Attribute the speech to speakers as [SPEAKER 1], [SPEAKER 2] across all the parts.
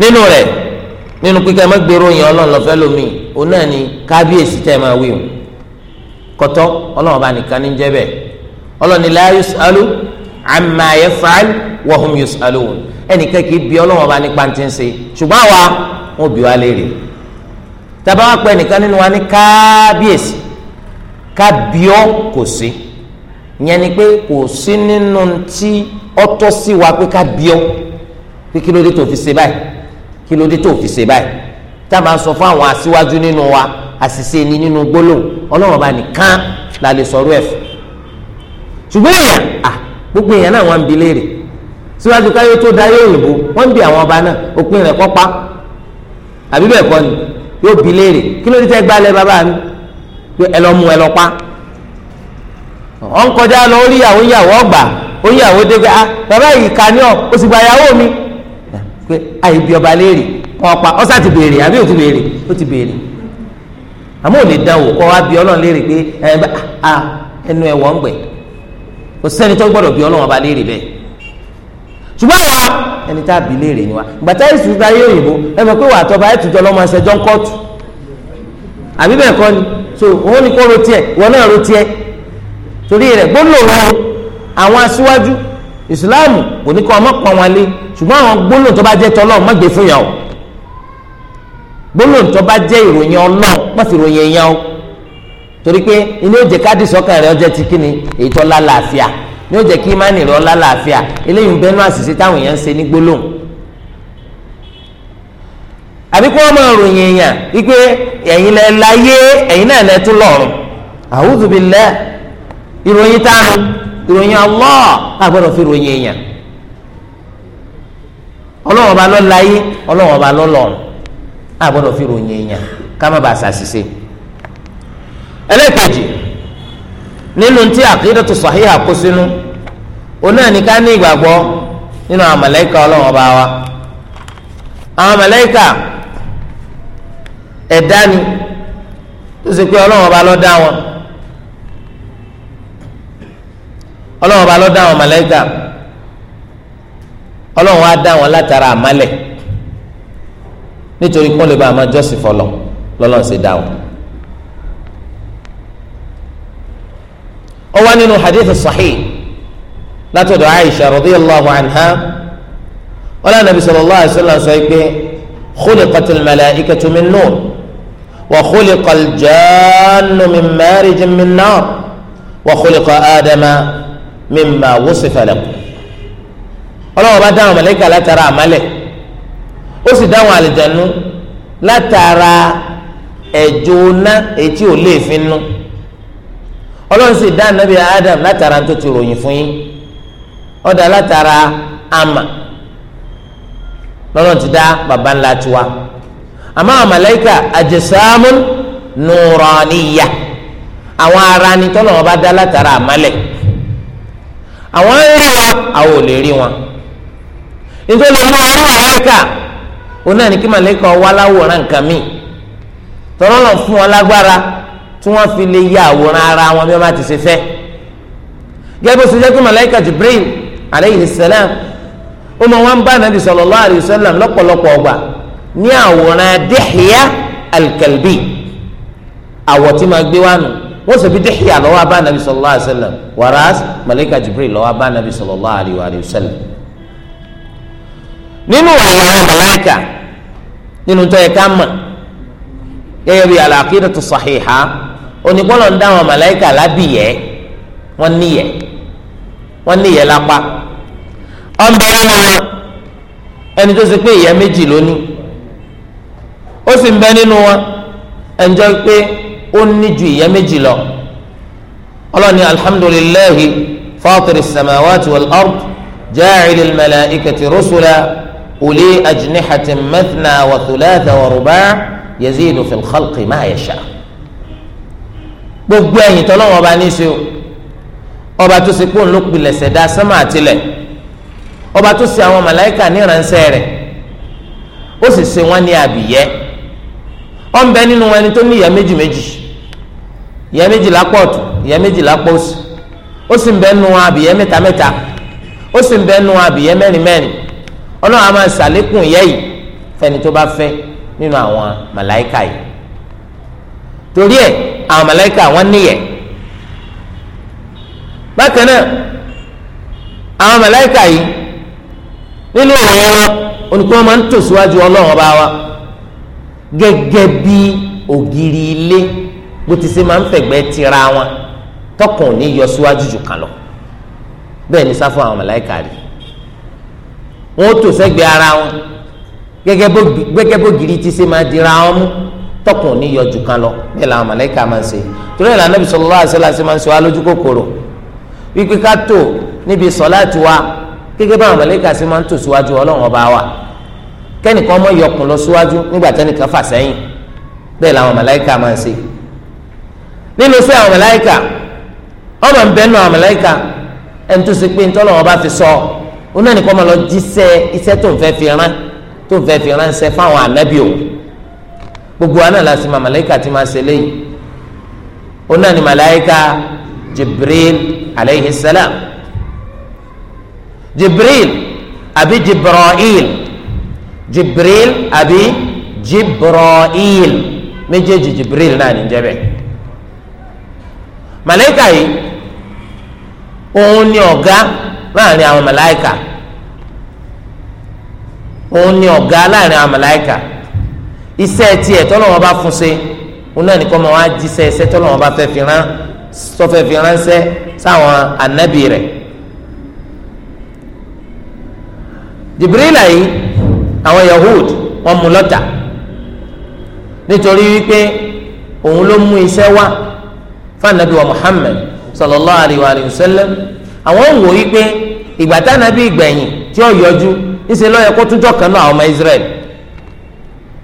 [SPEAKER 1] nínú rẹ, nínú pípẹ́ mẹ́gbèrò yẹn ọlọ́run lọ́fẹ́ lómi òun náà ni kábíyèsí tẹ́ máa wí o kọ́tọ́ ọlọ́run ọba nìkan ní jẹ́ bẹ́ẹ̀ ọlọ́run ni la yusalu amma yaf'al wa ẹnìkan kì í bi ọlọ́run nípa ti ń ṣùgbọ́n wọn wa léèrè tàbá pẹ́ nìkan nínú wa ní kábíyèsí kábíọ́ kò sí ni pé kò sí nínú tí ọtọ́ sí wa pé kábíọ́ pé kí ló dé tó fi ṣe báyìí tá a máa sọ fún àwọn aṣíwájú nínú wa àṣìṣe ni nínú gbólóhùn ọlọ́run ọba nìkan la lè sọ̀rọ̀ ẹ̀fọ́ ṣùgbọ́n èèyàn gbogbo èèyàn náà wọ́n ń bi léèrè síwájú káyọ̀ tó darí òyìnbó wọ́n ń bi àwọn ọba náà òpin rẹ̀ kọ́pá àbí bẹ́ẹ̀ kọ́ ni yóò bi léèrè kí ló dé tẹ́ gbálẹ̀ bàbá mi pé ẹ lọ mú ẹ lọ pa ọ̀n kọjá lọ orí ìyàwó ìyàwó ọgbà orí ìyàwó dé pé ah bàbá yìí kà ní ọ ó sì gba ìyàwó mi pé àìbí ọba léèrè wọn pa ọsà ti béèrè àbí ò ti béèrè ó ti béèrè àmọ́ ò lè dán wò kọ́ àbí ọlọ́run léèrè pé ẹnu ẹ̀wọ̀ ń gbẹ̀ kò sẹ́ni tó gbọ́dọ̀ bí ọlọ́run ọba léèrè bẹ́ẹ̀ ṣùgbọ́n àwa ẹni tá a bí léèrè ni wa gbàtà ìṣù ta yé òyìnbó ẹ mọ̀ pé wà á tọ́ ba ẹ̀ tùjọ́ lọ́mọ ẹsẹ̀ jọ́ ń kọ́ọ̀tù àbí bẹ́ẹ̀ kọ́ ni so òun ni kó ro tiẹ̀ wọn náà ro tiẹ̀ torí rẹ̀ gbólóhùn àwọn aṣíwájú ìsìláàmù kò ní kọ́ ọmọ pọ́n wọn lé ṣùgbọ́n àwọn gbólóhùn tó bá jẹ́ tọ́lọ́ má gbé fún yàn o gbólóhùn tó bá jẹ́ ìròyìn ọlọ́ọ̀ má sì ròyìn o torí pé ilé òjè káàdì sọ́kàn rẹ̀ ọjọ́ ti kíni èyí tó lálàáfíà ní òjè kí imáàní rẹ̀ ọlálàáfíà eléyìí ń bẹnu àṣìṣe táwọn èèyàn ń ṣe ní gbólóhùn àbí kí wọ́n máa èèyàn wípé ẹ̀yin lẹ ẹ̀yin náà lẹ lọ́rùn àwùjọ bíi lẹ́ ìròyìn tánu ìròyìn Allah àgbọ̀dọ̀ fi ròyìn èèyàn ọlọ́wọ́n ọba lọ́la yé ọlọ́wọ́n ọba lọ́lọ́run àgbọ̀dọ̀ fi ròyìn èèyàn ká má bàa nínú tí àkídàtu sàhíhà kó sínú òun náà ní ìgbàgbọ́ nínú àwọn màláíkà ọba ọlọ́run ọba ló dá àwọn màláíkà ọlọ́run á dá wọn látara àmálẹ̀ nítorí kó lè bá àwọn jọ́sìn fọlọ́ lọ́lọ́run sì dá wọn. ó wá nínú hadith sahih látọ̀dọ̀ Aisha radiyallahu anha wọ́n lánàá nabi sallallahu alaihi wasallam sọ pé khuliqatil malaikatu min nur wa khuliqal jannu min marij min nar wa khuliqa Adama mimma wusifa lakum ọlọ́wọ́ bá dáhùn màláíkà látara àmálẹ̀ ó sì dáhùn àlìjánu látara ẹ̀jọ̀ ná etí ò lè fi nú ọlọ́run sì dá ànábì Adam látara tó ti ròyìn fún yín ó dá látara àmà lọ́nà ti dá baba ńlá tiwa àmọ́ àwọn màláíkà àjẹsàmù nùránìyà àwọn ara ni tọ́lọ́wọ́ bá dá látara àmálẹ̀ àwọn ń rí wọn àwọn ò lè rí wọn nítorí olú ọrú màláìka òun náà ní kí màláìka wá láwòrán nǹkan míì tọ́lọ́ náà fún wọn lágbára tí wọ́n fi lè ya àwòrán ara wọn bí wọ́n bá ti ṣe fẹ́ gẹ́gẹ́ bó ṣe jẹ́ kí màláìka Jibril aleyhi salam ó mọ wọn bá nàbì sallallahu alayhi wasallam lọ́pọ̀lọpọ̀ ọgbà ní àwòrán Dihya al àwọ̀ tí màá gbé wánu wọ́n sọ bí dẹ́hìá lọ́wọ́ abá nàbí sallallahu alaihi wasallam wàrà màlẹ́kà jibril lọ́wọ́ abá nàbí sallallahu alaihi wasallam. nínú àyàrá màlẹ́kà nínú tó yẹ ká mọ̀ gẹ́gẹ́ bí al-aqidatu sahiha onígbọ́lọ̀ ń dáwọn màlẹ́kà lábìyẹ wọ́n níyẹ wọ́n níyẹ lápá ọ̀nbẹ nínú wọn ẹni tó ṣe pé ìyẹ́ méjì lónìí ó sì ń bẹ nínú wọn ẹnjọ́ pé ó ní ju ìyá méjì lọ ọlọ́ni alhamdulillahi fatiri samawati wal ard jaacili malaikati rusula uli ajnihatin mathna wa thulatha wa ruba' yazidu fil khalqi ma yasha gbogbo ẹ̀yìn tọ́lọ́wọ́ ọba ní í ṣe o ọba tó ṣe kó ń ló pilẹ̀ ṣẹ̀dá sánmà àtìlẹ̀ ọba tó ṣe àwọn màláìkà níranṣẹ́ rẹ̀ ó sì ṣe wọ́n ní abìyẹ́ ọ̀nbẹ nínú ẹni tó ní ìyá méjì méjì ìyẹn méjìlá pọ̀ tù ìyẹn méjìlá pọ̀ sí ó sì ń bẹ́ nu abìyẹ́ mẹ́ta mẹ́ta ó sì ń bẹ́ nu abìyẹ́ mẹ́rin mẹ́rin ọlọ́run a máa ṣàlékún ìyẹ́ yìí fẹ́ni tó bá fẹ́ nínú àwọn màláìka yìí torí ẹ̀ àwọn màláìka wọ́n níyẹ̀ bákan náà àwọn màláìka yìí nínú ìròyìn wọn onípẹ́ wọn máa ń tòsíwájú ọlọ́run ọba wa gẹ́gẹ́ bí ògiri ilé bó ti ṣe máa ń fẹ̀gbẹ́ tira wọn tọkàn ò ní yọ síwájú jù kan lọ bẹ́ẹ̀ ni sáfù àwọn màláíkà rí wọn ó tò sẹ́gbẹ́ ara wọn gẹ́gẹ́ bó ti ṣe máa dira wọn mú tọkùn ní yọjú kan lọ bẹ́ẹ̀ làwọn mọlẹka máa ń ṣe torí ìlànà Ànábì sallallahu alaihi wasallam máa ń ṣe wá lójú kòkòrò wípé ká tò níbi sọláàtì wa gẹ́gẹ́ báwọn mọlẹka ṣe máa ń tò síwájú Ọlọ́run ọba wa kẹ́nìkan mọ yọkùn lọ síwájú nígbà tẹ́nìkan fà sẹ́yìn bẹ́ẹ̀ làwọn mọlẹka máa ń ṣe nínú sí àwọn màláíkà ọmọ nbẹ nù àwọn màláíkà ẹni tó ṣe pé ntọ́nà wọn bá fi sọ ọ náà nìkan máa lọ jíṣẹ́ iṣẹ́ tó ń fẹ́ fi rán tó ń fẹ́ fi ránṣẹ́ fáwọn ànábì òun gbogbo wa náà la máa màláíkà ti máa ṣe léyìí ọ náà ni màláíkà Jibril aleyhi salam Jibril àbí Jibra'il Jibril àbí Jibra'il méjèèjì Jibril náà ní jẹ́ bẹ́ẹ̀ màláìkà yìí òun ni ọ̀gá láàrin àwọn màláìkà òun ni ọ̀gá láàrin àwọn màláìkà iṣẹ́ tiẹ̀ tọ́lọ́wọ́ bá fún ṣe òun náà ní kọ́ máa wá jíṣẹ́ iṣẹ́ tọ́lọ́wọ́ bá fẹ́ fi rán sọ́fẹ́ fi ránṣẹ́ sáwọn ànábì rẹ̀ Jibrila yìí àwọn Yahud wọ́n mú lọ́tà nítorí wípé òun ló mú iṣẹ́ wá fanabi wa muhammed sallallahu alayhi wa sallam àwọn ń wò wípé ìgbà tánabi ìgbẹ̀yìn tí ó yọjú ńṣe lọ́yẹ kó túnjọ́ kan náà àwọn ọmọ israẹli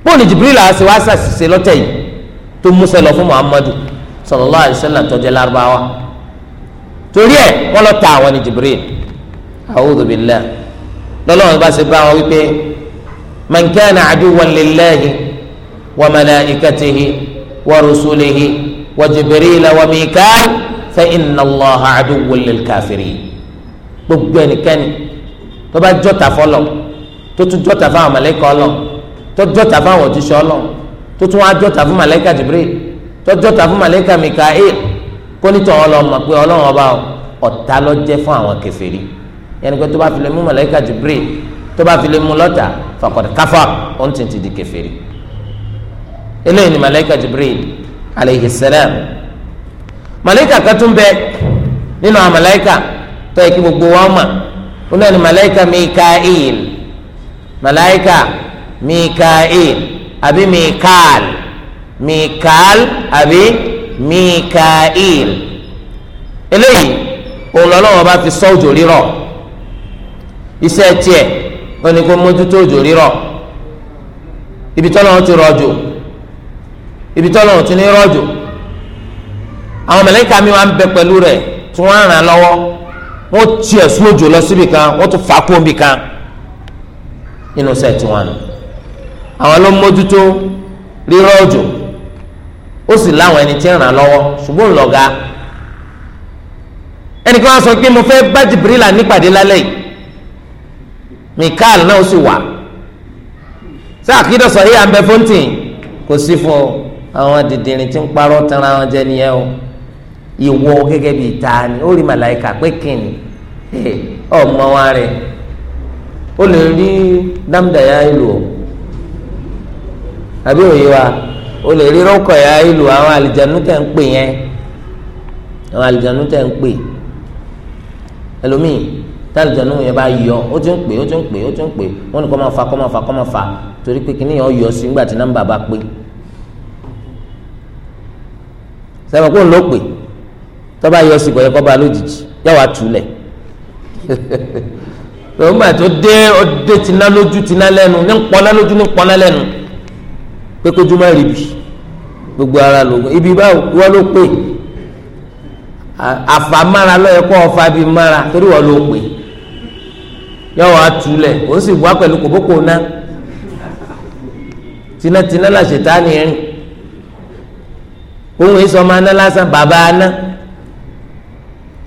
[SPEAKER 1] bóòlù jibril àti wàá ṣàṣìṣe lọ́tẹ̀ yìí tó múṣẹ́ lọ fún muhammadu sallallahu alayhi wa sallam tó jẹ́ torí ẹ̀ wọ́n lọ ta àwọn ní jibril a'udhu billah lọ́lọ́run bá ṣe bá wọn wípé man kana aduwan lillahi wa malaikatihi wa rusulihi wa Jibrila wa Mikail fa inna Allaha aduwwun lil kafirin gbogbo ẹnikẹ́ni tó bá jọ́ta fọlọ́ tó tún jọ́ta fáwọn màláíkà Ọlọ́run tó jọ́ta fáwọn òjíṣẹ́ Ọlọ́run tó tún wá jọ́ta fún màláíkà Jibril tó jọ́ta fún màláíkà Mikail kólítọ̀ Ọlọ́run mọ̀ pé Ọlọ́run ọba ọ̀tá ló jẹ́ fún àwọn kèfèrí yẹnni pé tó bá fi lè mú màláíkà Jibril tó bá fi lè mú lọ́tà faqad kafar òun ti ti di kèfèrí eléyìí ni màláíkà Jibril aleyhi salam malayika kan tún bẹ nínú àwọn malayika tó yẹ kí gbogbo wọn mọ̀ wọn náà ni malayika mikael malayika mikael àbí mikael mikael àbí mikael eléyìí òun lọ́lọ́wọ́ bá fi sọ òjò rírọ̀ iṣẹ́ tiẹ̀ ó ní kó mójútó òjò rírọ̀ ibi tọ́lọ́wọ́ ti rọ̀ jù ibi tọ́lọ̀ ti ní rọ̀jò àwọn mẹlẹ́ka mi máa ń bẹ pẹ̀lú rẹ̀ tí wọ́n ràn án lọ́wọ́ wọ́n ti ẹ̀sùn òjò lọ síbi kan wọ́n tún fà kóńbì kan nínú sẹ́ẹ̀tì wọn nù àwọn ló ń mójútó rírọ̀ òjò ó sì láwọn ẹni tí ń ràn án lọ́wọ́ ṣùgbọ́n lọ́ga ẹnìkan wá sọ pé mo fẹ́ bá Jibrila nípàdé lálẹ́ yìí Mikael náà ó sì wà sáà kí dọ̀sọ̀ yìí à ń bẹ fóńtì kò sí fún ọ àwọn dìndìnrín tí ń parọ́ tanra wọn jẹ nìyẹn o ìwọ gẹ́gẹ́ bíi ta ni ó rí màláìka pé kìnnì ọmọ wa rẹ ó lè rí dámdàyà ìlú o àbí òye wa ó lè rí rọ́kọ̀yà ìlú àwọn àlìjánu tẹ̀ ń pè yẹn àwọn àlìjánu tẹ̀ ń pè ẹlòmíì tálìjánu yẹn bá yọ ó ti ń pè ó ti ń pè ó ti ń pè wọn ni kọ́ máa fa kọ́ máa fa kọ́ máa fa torí pé kìnnìyàn yọ sí nígbà tí nọ́mbà bá pé. sẹ́mi kó ń lò pé tọ́ba yọ sí kọ̀yẹ́ kọ́ba lójijì yàwá túlẹ̀ lọ́mọ tó dé ọdẹ tìǹà lójú tiná lẹ́nu ní nkpọ́nà lójú ní nkpọ́nà lẹ́nu pé kójú má ribi bi gbogbo ara lògùn ibi báwo wọ́n ló pè àfàmára lọ́yẹ kọ́ ọ̀fà bí mára torí wọ́n ló pè yàwá túlẹ̀ ó sì wá pẹ̀lú kòbókò náà tìǹà tìǹà tá nìyẹn ohun èso ọmọ aná lásán bàbá aná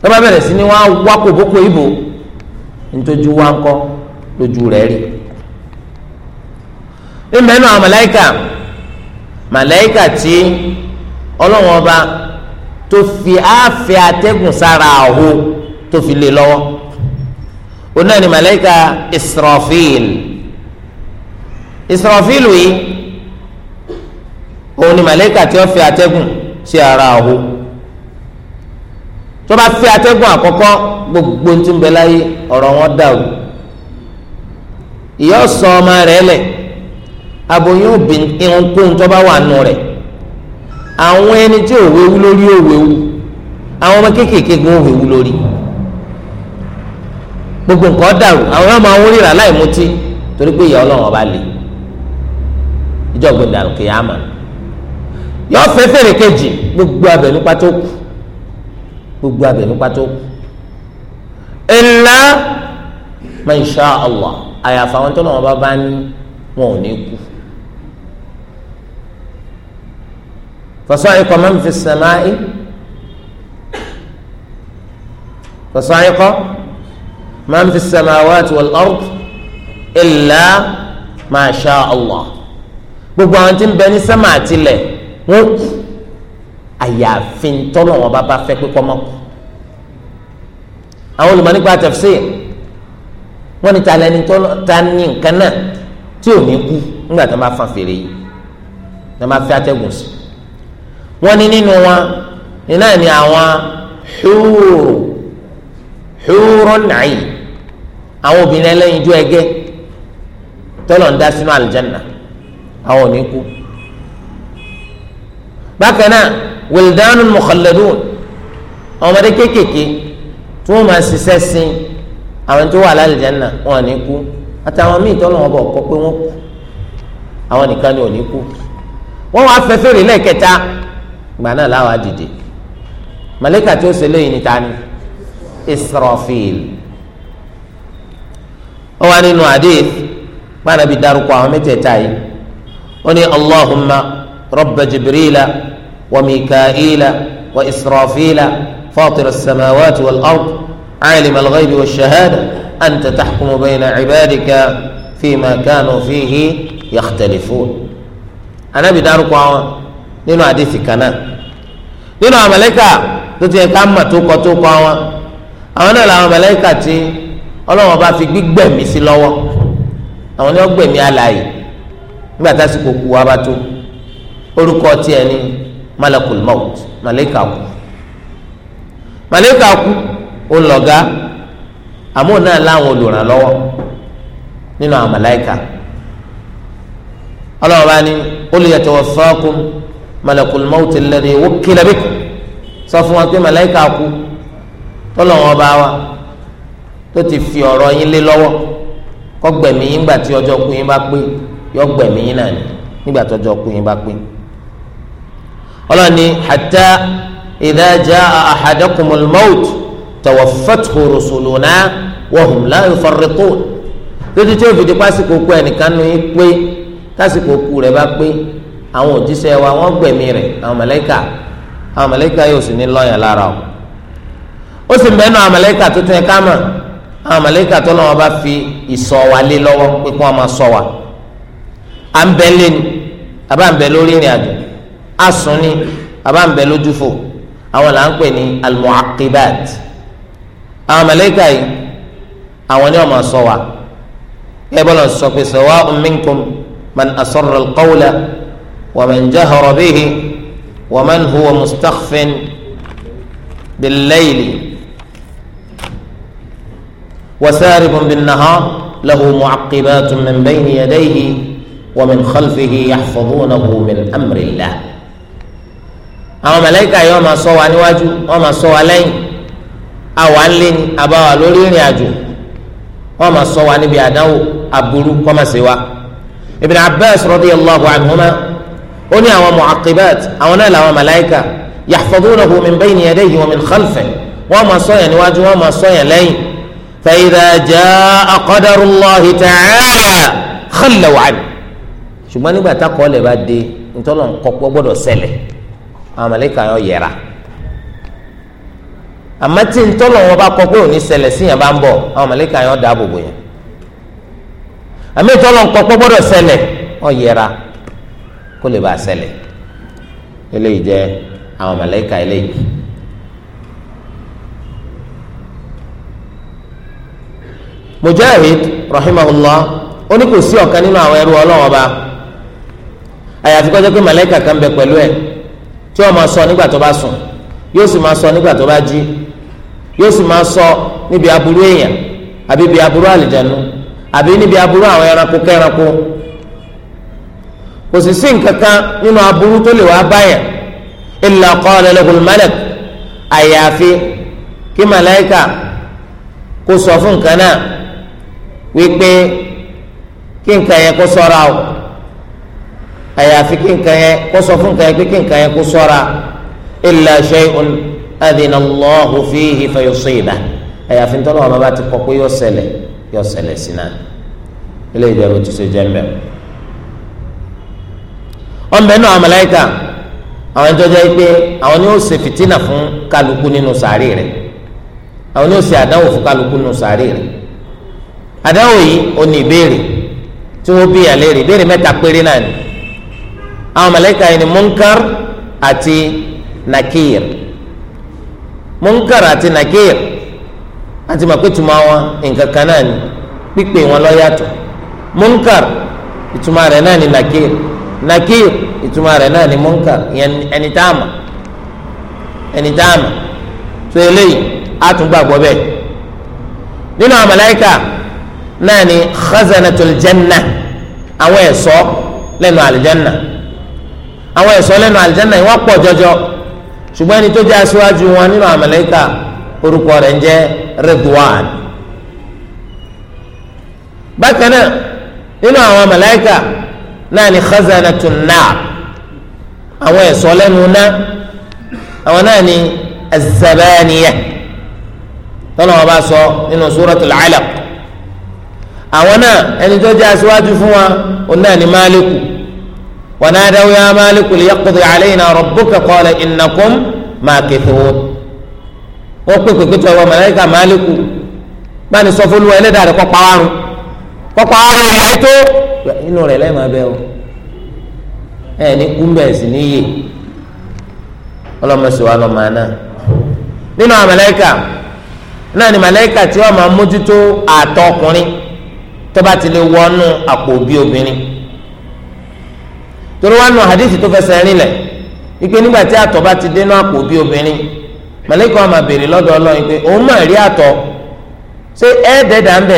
[SPEAKER 1] tọ́ba bẹ̀rẹ̀ sí ni wọ́n á wá kòbókò ìbò nítorí wá ń kọ́ lójú rẹ̀ rí ìmẹ́nu àwọn màláìkà màláìkà tí ọlọ́wọ́n ọba tó fi àáfẹ́ atẹ́gùn sára àhó tó fi lé lọ́wọ́ òun náà ni màláìkà Israfil Israfil yìí òun ni màláìkà tí ó fi atẹ́gùn sí ara àwo tó bá fẹ́ atẹ́gùn àkọ́kọ́ gbogbo tí ń bẹ láyé ọ̀rọ̀ wọn dàrú ìyá sọ ọmọ rẹ̀ lẹ̀ aboyún obìnrin irunkun tó bá wà nù rẹ̀ àwọn ẹni tí òwe wú lórí òwe wú àwọn ọmọ kéékèèké gan òwe wú lórí gbogbo nǹkan dàrú àwọn ọmọ àwọn oríra láì mutí torí pé ìyá ọlọ́run ọba lè ìjọba ìdàrú kìí àmà yọ fẹ́ fèrè kejì gbogbo abẹnú pátó kù gbogbo abẹnú pátó kù illa man sha Allah àyàfà àwọn tó lọ́wọ́ bá bá ní wọn ò ní kú. فصعق من في السماء فصعق من في السماوات والأرض إلا ما شاء الله gbogbo àwọn tí ń bẹ ní sẹ́mà àtìlẹ̀ wọ́n kú àyàfi ntọ́nà wọn bá bá fẹ́ pé kọ́mọ́ kú àwọn olùmọ̀ nípa tafsir wọ́n ní talẹ́ ní ta ní nǹkan náà tí ò ní kú nígbà tó máa fan fèrè yìí tó máa fẹ́ atẹ́gùn sí wọ́n ní nínú wọn iná ní àwọn húrù húrù nàì àwọn obìnrin ẹlẹ́yinjú ẹgẹ́ tọ́lọ̀ ń dá sínú àlùjánnà àwọn ò ní kú bákan náà wìlìdánù mukhalladun ọmọdé kéékèèké tí wọ́n máa ṣiṣẹ́ sin àwọn tó wà lálẹ́ jẹ́nà wọn ò ní kú àtàwọn míì tọ́lọ́ wọn bọ̀ kọ́ pé wọ́n kú àwọn nìkan ni ò ní kú wọ́n wá fẹ́ fèrè lẹ́ẹ̀kẹta gbà náà láwa dìde màlẹ́kà tí ó ṣe léyìn níta ni Israfil ó wà nínú hadith gbàdàbí dárúkọ àwọn mẹ́tẹ̀ẹ̀ta yìí ó ní Allahumma rabba Jibrila. وميكائيل وإسرافيل فاطر السماوات والأرض عالم الغيب والشهادة أنت تحكم بين عبادك فيما كانوا فيه يختلفون أنا بدارك nínú àdìsí kan náà nínú àwọn mẹlẹ́kà tó ti yẹ ká mà tó kọ tó kọ wọn àwọn náà làwọn mẹlẹ́kà tí Ọlọ́run bá fi gbígbẹ̀mí sí lọ́wọ́ àwọn ni wọ́n gbẹ̀mí alààyè nígbà tásìkò kú wa bá tó orúkọ tiẹ̀ ni malakul maut malayika kú malayika kú ó ń lọ̀gá àmọ́ náà láwọn olùrànlọ́wọ́ nínú àwọn malayika ọlọ́run bá ní malakul maut sọ fún wa pé bá wa tó ti fi ọ̀rọ̀ yín lé lọ́wọ́ kó gbẹ̀mí yín gbà tí ọjọ́ kú yín bá pé gbẹ̀mí yín náà nígbà ọlọ́ni hatta idha jaa ahadakumul maut tawaffathu rusuluna wa hum la yufarritun lójú tí ó fi di pásíkò kú ẹnìkan nu yín pé tásìkò kú rẹ̀ bá pé àwọn òjíṣẹ́ wa wọ́n gbẹ̀mí rẹ̀ àwọn màláíkà àwọn màláíkà yóò sì ní lọ́yàn lára o ó sì mẹ́nu àwọn màláíkà tó tún ẹ ká mọ̀ àwọn màláíkà tó lọ́wọ́ bá fi ìṣọ́ wa lé lọ́wọ́ pé kí wọ́n máa ṣọ́ wa à ń bẹ lé ni àbá ń bẹ lórí ìrìn àjò asùn ni bàbá ń bẹ lójú fò àwọn pè ní almuakibat àwọn mẹlẹ́kà yìí àwọn ni wọ́n máa ṣọ́ wa ẹ bọ́lá sọ pé sawa'un minkum man asarra alqawla wa man jahara bihi wa man huwa mustakhfin billayli wa saribun binnahar lahu muakibatun min bayni yadayhi wa min khalfihi yahfazunahu min amri amrillah. àwọn màláíkà yìí wọ́n máa ṣọ́ wa níwájú wọ́n máa ṣọ́ wa lẹ́yìn àwa ń lé ní àbáwá lórí ìrìn àjò wọ́n máa ṣọ́ wa níbi àdánwò aburú kọ́mọ̀sí wa Ibn Abbas radiyallahu anhuma ó ní àwọn mu'aqibat àwọn náà làwọn màláíkà yahfazunahu min bayni yadayhi wa min khalfihi wọ́n máa ṣọ́ yẹn níwájú wọ́n máa ṣọ́ yẹn lẹ́yìn fa idha àwọn màlàíkà yọ yẹra àmọ́ tí ń tọ́lọ̀ pé òní ṣẹlẹ̀ síyàn bá ń bọ̀ àwọn màlàíkà yọ dáàbò bò yẹn àmì ìtọ́lọ̀ ọ yẹra kó lè bá ṣẹlẹ̀ eléyìí jẹ́ àwọn eléyìí. mujahid rahimahullah ó kò sí ọ̀kan nínú àwọn ẹrú ọlọ́wọ́n àyàfi kọjá pé màlàíkà kan bẹ pẹ̀lú ẹ̀ tí ó máa sọ nígbà tó bá sùn yóò sì máa sọ nígbà tó bá jí yóò sì máa sọ níbi aburú èèyàn àbí ibi aburú àlìjánu àbí níbi aburú àwọn ẹranko kẹranko kò sì sí nǹkan kan nínú aburú tó lè wá báyàn illa qala lahul malak àyàfi kí màláìka kó sọ fún nǹkan náà wípé kí nǹkan yẹn kó sọ́ra o àyàfi kí nǹkan yẹn kó sọ fún nǹkan yẹn pé kí nǹkan yẹn kó sọ́ra illa shay'un adhina Allahu fihi fayusiba àyàfi ntọ́lọ́ wọn bá ti kọ́ pé yóò ṣẹlẹ̀ yóò ṣẹlẹ̀ sí náà ilé ìjọba tó ṣe jẹ́ mbẹ́. wọ́n bẹ̀ náà màláíkà àwọn ìjọ jẹ́ pé àwọn ni ó ṣe fìtínà fún kálukú nínú sàárè rẹ̀ àwọn ni ó ṣe àdáwò fún kálukú nínú sàárè rẹ̀ àdáwò yìí ó ní ìbéèrè tí wọ́n bí àwọn màláíkà yìí ni munkar àti nakir munkar àti nakir àti màkútùmọ̀ wọn nǹkan kan náà ni pípé wọn ló yàtọ̀ munkar ìtumọ̀ rẹ̀ náà ni nakir nakir ìtumọ̀ rẹ̀ náà ni munkar ẹni tá a mọ̀ ẹni tá a mọ̀ so eléyìí a tún gbàgbọ́ bẹ́ẹ̀ nínú àwọn màláíkà náà ni khazanatul janna àwọn ẹ̀ṣọ́ lẹ́nu àlùjánnà àwọn ẹ̀ṣọ́ lẹ́nu àlìjáná yìí wọ́n pọ̀ jọjọ ṣùgbọ́n ẹni tó jẹ́ aṣíwájú wọn nínú àmàlẹ́kà orúkọ rẹ̀ ń jẹ́ Ridwan bákan náà nínú àwọn àmàlẹ́kà náà ni khazanatun nar àwọn ẹ̀ṣọ́ lẹ́nu náà àwọn náà ni az-zabaniyah wọn bá sọ nínú suratul alaq àwọn náà ẹni tó jẹ́ aṣíwájú fún wa òun ni Máàlíkù wanadaw ya maliku liyaqdi alayna rabbuka qala innakum makithun ó pè pé pété ọwọ́ màláíkà maliku báni sọ fún olúwa ẹlẹ́dàá rẹ̀ kọ́pá àrùn kọ́pá àrùn rẹ̀ tó inú rẹ̀ lẹ́ẹ̀ma bẹ́ẹ̀ o ẹ̀ ní kúmbẹ̀sì níyì ọlọ́mọṣẹ́wà lọ́mọ àná nínú àwọn màláíkà náà ni màláíkà tí wọ́n máa mójútó àtọ̀ ọkùnrin tó bá ti lè wọnú àpò òbí obìnrin torí wọn nù hadith tó fẹsẹ̀ lẹ̀ ipe nígbà tí àtọ̀ bá ti dénú àpò bí obìnrin màlẹ́kọ̀ àmà béèrè lọ́dọ̀ ọlọ́run pé òun máa rí àtọ̀ ṣé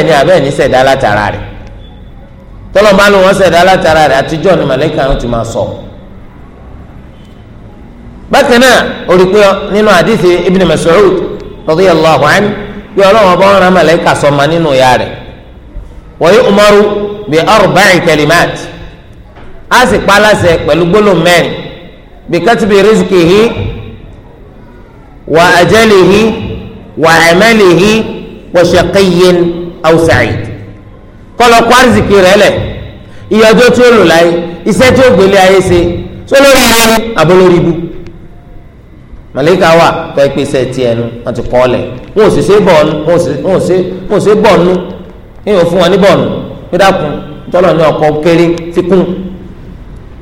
[SPEAKER 1] ni àbẹ́ẹ̀ ní ṣẹ̀dá látara rẹ̀ tọ́lọ̀ bá wọ́n látara rẹ̀ àtijọ́ ni màlẹ́kọ̀ àwọn ti máa sọ. bákan náà ibn Mas'ud radiyallahu anhu pé ọlọ́run á sì pa aláṣẹ pẹ̀lú gbólóhùn mẹ́rin bí kátìbì rizqihi wa ajalihi wa amalihi wa shaqiyyin aw sa'id kọlọ kó arzikì rẹ lẹ ìyọjọ tí ó lò láyé iṣẹ́ tí ó gbélé ayé ṣe sólórí ayé àbólórí ibú màlíkà wà tó ìpèsè tiẹ̀ nu wọ́n ti kọ́ ọ lẹ̀ wọ́n ò sì ṣe bọ́ọ̀nù wọ́n ò ṣe bọ́ọ̀nù ní ìwọ̀n fún wọn ní bọ́ọ̀nù gbẹdàkùn tọ́lọ̀ ní ọkọ̀ kéré fi kún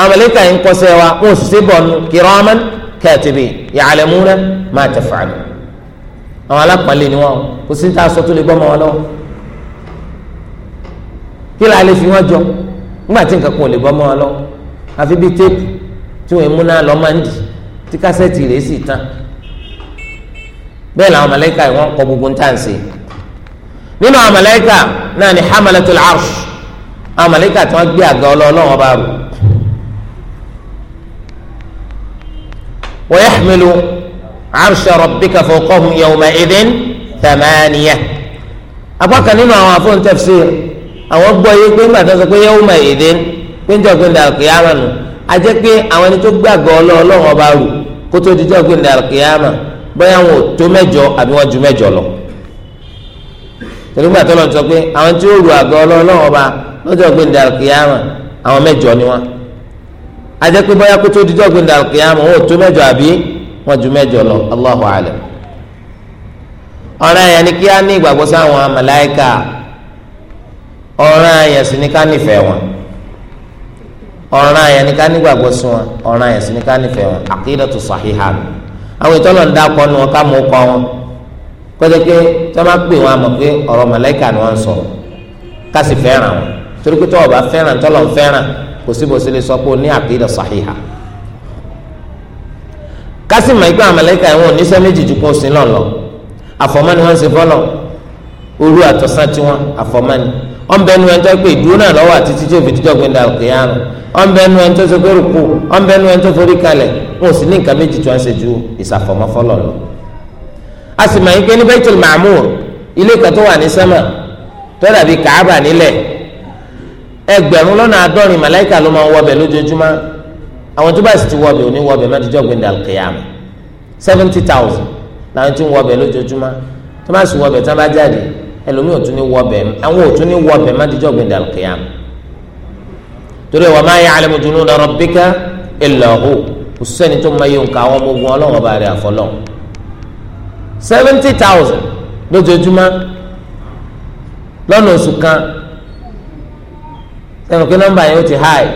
[SPEAKER 1] àwọn mọ̀lẹ́kà yìí ń kọ́sẹ́ wa wọn ò sì ṣe bọ̀ nù kiraman katibin ya'lamuna ma taf'alun àwọn alápàlẹ́ ni wọn kò sí tá a sọ tó lè bọ́ ọmọ wọn lọ́wọ́ kí la lè fi wọn jọ nígbà tí nǹkan kan ò lè bọ́ wọn lọ́wọ́ àfi bíi téèpù tí wọn mú náà lọ́ máa ń dì tí kásẹ̀tì rẹ̀ sì tán bẹ́ẹ̀ làwọn mọ̀lẹ́kà yìí wọ́n gbogbo ń nínú àwọn náà ni hamalatul arsh àwọn tí wọ́n gbé àga ọlọ́ọ̀lọ́wọ́ bá rò ويحمل عرش ربك فوقهم يومئذ ثمانية apákan nínú àwọn afọ́n tafsir àwọn gbọ́ yé pé nígbà tó sọ pé yawma idhin péńjọ gbẹ̀ndà àlùkìyàmà nù a jẹ́ pé àwọn ẹni tó gbàgbọ́ ọlọ́ọ̀lọ́ọ̀ ọba rù kó tó dijọ́ gbẹ̀ndà àlùkìyàmà bóyá wọn ò tó mẹ́jọ àbí wọn ju mẹ́jọ lọ. tẹ̀légbà tó lọ sọ pé àwọn tí ó rù àgọ́ ọlọ́ọ̀lọ́ọ̀ ọba lọ́jọ́ gbẹ̀ndà àlùkìyàmà àwọn mẹ́jọ ni wọn ajẹ́ pé bóyá kó tó dijọ́ gbé ndàlù kìyàmù wọn ò tó mẹ́jọ àbí wọn ju mẹ́jọ lọ Allahu alam ọ̀ràn yẹn ni kí á ní ìgbàgbọ́ sáwọn màláíkà ọ̀ràn yẹn sì ni ká nífẹ̀ẹ́ wọn ọ̀ràn yẹn ni ká nígbàgbọ́ sí wọn ọ̀ràn yẹn sì ni ká nífẹ̀ẹ́ wọn aqidatu sahiha mi àwọn ìtọ́lọ̀ ń dákọ́ nu wọn ká mú kọ́ wọn kọjá pé tí wọ́n bá pè wọn àmọ̀ pé ọ̀rọ̀ màláíkà ni wọ́n ń ká sì fẹ́ràn wọn torí pé tí wọ́n bá fẹ́ràn tọ́lọ̀ fẹ́ràn kò síbòsí lè sọ pé o ní àkídà sàhíhà kásìmọ̀ ìgbà àmàlẹ́kà ẹ̀wọ̀n oníṣẹ́ méjì ju kún sí lọ́nà àfọ̀mọ́ni wọ́n ń ṣe fọ́lọ̀ òru àtọ̀sán tiwọn àfọ̀mọ́ni ọ̀nbẹ́nu ẹni tó pé ìdúró náà lọ́wọ́ àti títí òfin tíjọ́ gbẹ̀ndà òkè àrùn ọ̀nbẹ́nu ẹni tó ṣe pé rúkú ọ̀nbẹ́nu ẹni tó forí kalẹ̀ wọn ò sì ní nǹkan méjì tí wọ́n ṣe ju ìṣàfọ̀mọ́ fọ́lọ̀ lọ. a sì pé ní Baitul Ma'mur ilé kan tó wà ní sẹ́mà tó dàbí Kàábà nílẹ̀ Egbem lọ́nà na màláìka ló máa ń wọbẹ̀ lójoojúmọ́ àwọn tó bá sì ti wọbẹ òní wọbẹ̀ má dijọ́ seventy thousand làwọn tí ń wọbẹ lójoojúmọ́ tó bá sì tó bá jáde ẹlòmíì ní wọbẹ àwọn ní má torí ma ya'lamu junuda sẹ́wọ̀n pé nọ́mbà yẹn ó ti háì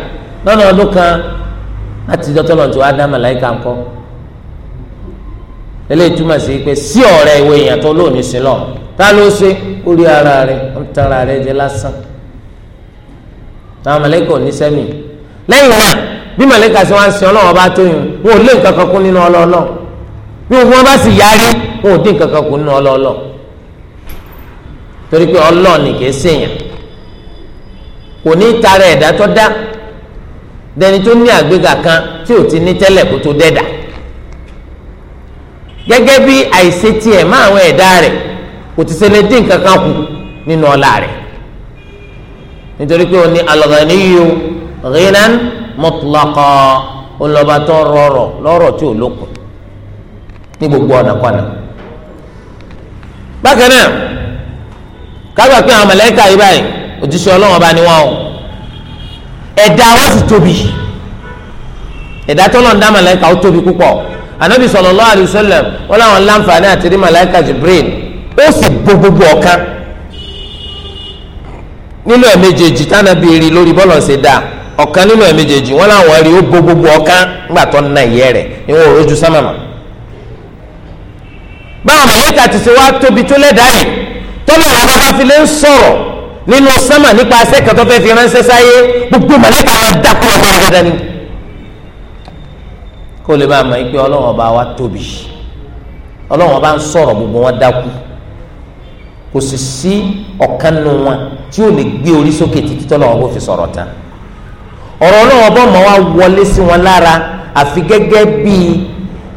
[SPEAKER 1] lọ́nà ọdún kan láti dọ́tọ́ lọ́n ti wá dá màláìka ńkọ́ eléyìí túmọ̀ sí pé sí ọ̀rẹ́ ìwé èèyàn tó lónìí sí lọ tá ló ṣe ó rí ara rẹ̀ ó ń tara rẹ̀ jẹ lásán àwọn màláìka ò ní sẹ́mi lẹ́yìn náà bí màláìka sí wọn ṣe ọlọ́wọ́ bá tó yun wọn ò lé nǹkan kan kún nínú ọlọ́ọ̀lọ́ bí wọn bá sì yarí wọn ò dín nǹkan kan kún nínú ọlọ́ọ̀lọ́ torí pé ọlọ́ọ̀ nì kìí ṣèyàn kò ní tara ẹ̀dá tó dá dẹni tó ní àgbéga kan tí ò ti ní tẹ́lẹ̀ kó tó dẹ́dà gẹ́gẹ́ bí àìsè tiẹ̀ má àwọn ẹ̀dá rẹ̀ kò ti ṣẹlẹ̀ dín kankan kù nínú ọlá rẹ̀ nítorí pé òní al-Ghaniyyu ghinan mutlaqa olọba lọ́rọ̀ tí ò lókun ní gbogbo ọ̀nà kọ́nà bákan náà kábàá àwọn màláíkà yìí báyìí. òjíṣẹ́ ọlọ́wọ́n bá ní wọn o ẹ̀dá wọn sì tóbi ẹ̀dá tọ́lọ̀ ń dá màláìka ó tóbi púpọ̀ wọn làwọn láǹfààní àti rí màláìka Jibril ó sì bo gbogbo ọ̀kan nínú ẹ̀ méjèèjì tánà bọlọ lórí bọ́ọ̀lù ṣe dáa ọ̀kan nínú ẹ̀ méjèèjì wọn làwọn rí ó na ìyẹ́ rẹ̀ nínú sánmà nípa asẹ́kẹ̀ tó fẹ́ fi ránṣẹ́ sáyé gbogbo mọ̀lẹ́kà wọn dákú ọ̀dọ́ ọ̀dọ́ ni. kó lè bá a mọ̀ pé ọlọ́run ọba wa tóbi ọlọ́run ọba ń sọ̀rọ̀ gbogbo wọn dákú kò sì sí ọ̀kan nu wọn tí ò lè gbé orí sókè títí tọ́lọ́run kò fi sọ̀rọ̀ tán ọ̀rọ̀ ọlọ́run ọba ọmọ wa wọlé sí wọn lára àfi gẹ́gẹ́ bíi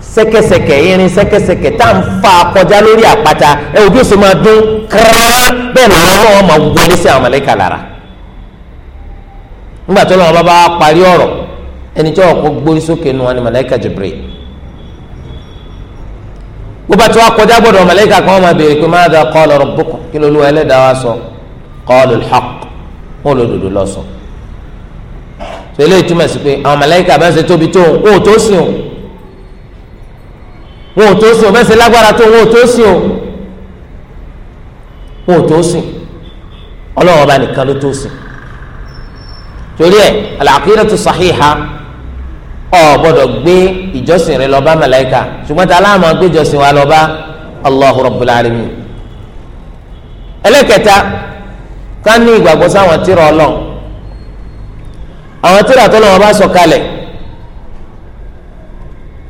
[SPEAKER 1] sẹkẹsẹkẹ irin sẹkẹsẹkẹ tá n fa kọjá lórí àpáta ẹ ojú sọ máa dún kárán bẹ́ẹ̀ làwọn náà máa wọlé sí àwọn mọlẹkà lára nígbà tó lọ́wọ́ bá parí ọ̀rọ̀ ẹni tí gbórí sókè nu wọn ni mọlẹkà gbogbo àti wọn kọjá mọlẹkà kan béèrè pé máa kí ló Ẹlẹ́dàá wa sọ wọn dòdò lọ sọ sí wọn ò tó sìn o bẹ́ẹ̀ ṣe lágbára tó wọn ò tó sìn o wọn ò tó sìn ọlọ́wọ́ ọba nìkan ló tó sìn torí ẹ al-aqidatu sahiha ọ gbọ́dọ̀ gbé ìjọsìn rẹ lọ bá màláíkà ṣùgbọ́n tá a láàmú gbé ìjọsìn wa lọ bá Allahu Rabbul Alamin ká ní ìgbàgbọ́ sáwọn tírà Ọlọ́run àwọn tírà tó lọ́wọ́ sọ kalẹ̀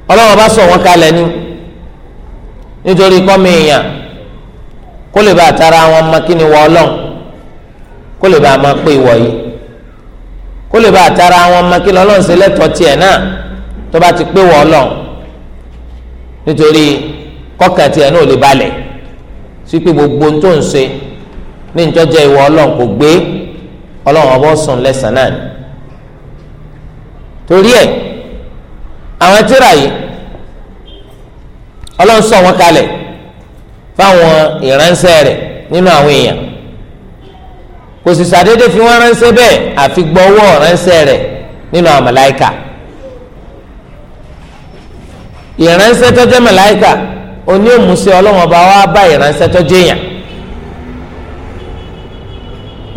[SPEAKER 1] Ọlọ́run bá sọ wọn kalẹ̀ ni nítorí kọ́mi èèyàn kó lè bá àtàrà àwọn ọmọ kíni wọ ọlọ́n kó lè bá a máa pé ìwọ yìí kó lè bá àtàrà àwọn ọmọ kíni ọlọ́n ṣe lẹ́tọ̀ọ́ tiẹ̀ náà tó bá ti pé wọ ọlọ́n nítorí kọ́kàn tiẹ̀ náà ò lè balẹ̀ sí pé gbogbo tó ń ṣe ní ìjọjẹ́ ìwọ ọlọ́n kò gbé ọlọ́run ọbọ̀ sùn lẹ́sàn-án torí ẹ̀ àwọn tíra yìí ọlọ́run wọn kalẹ̀ fáwọn ìránṣẹ́ rẹ̀ nínú àwọn èèyàn kò sì sàdédé fi wọn ránṣẹ́ bẹ́ẹ̀ àfi gbọ́wọ́ ránṣẹ́ rẹ̀ nínú àwọn màláíkà ìránṣẹ́ tó jẹ́ oní òmùsẹ ọlọ́wọ́n bá wá bá ìránṣẹ́ tó èèyàn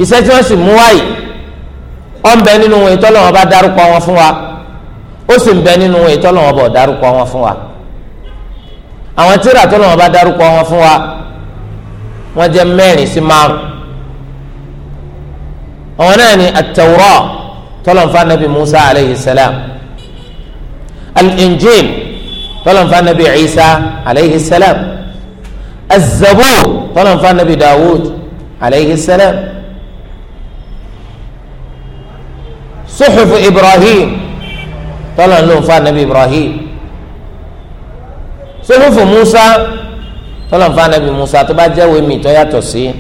[SPEAKER 1] iṣẹ́ tí wọ́n sì mú wáyé ó ń bẹ nínú ìtọ́lọ́wọ́n bá dárúkọ wọn fún wa ó sì ń bẹ nínú ìtọ́lọ́wọ́n bá wa. àwọn tíra tó lọ́wọ́ bá dárúkọ wọn fún wa wọ́n jẹ́ mẹ́rin sí márùn àwọn náà ni at-Tawrah tọ́lọ̀nfà nàbì Musa aleyhi salam al-Injil tọ́lọ̀nfà nàbì Isa aleyhi salam az-Zabur tọ́lọ̀nfà nàbì Dawud aleyhi salam suhufu Ibrahim tọ́lọ̀nfà nàbì Ibrahim sẹ́fúfù musa tọ́lọ̀ nfa nàbì musa tó bá jẹ́ wẹ́mí tó yàtọ̀ sí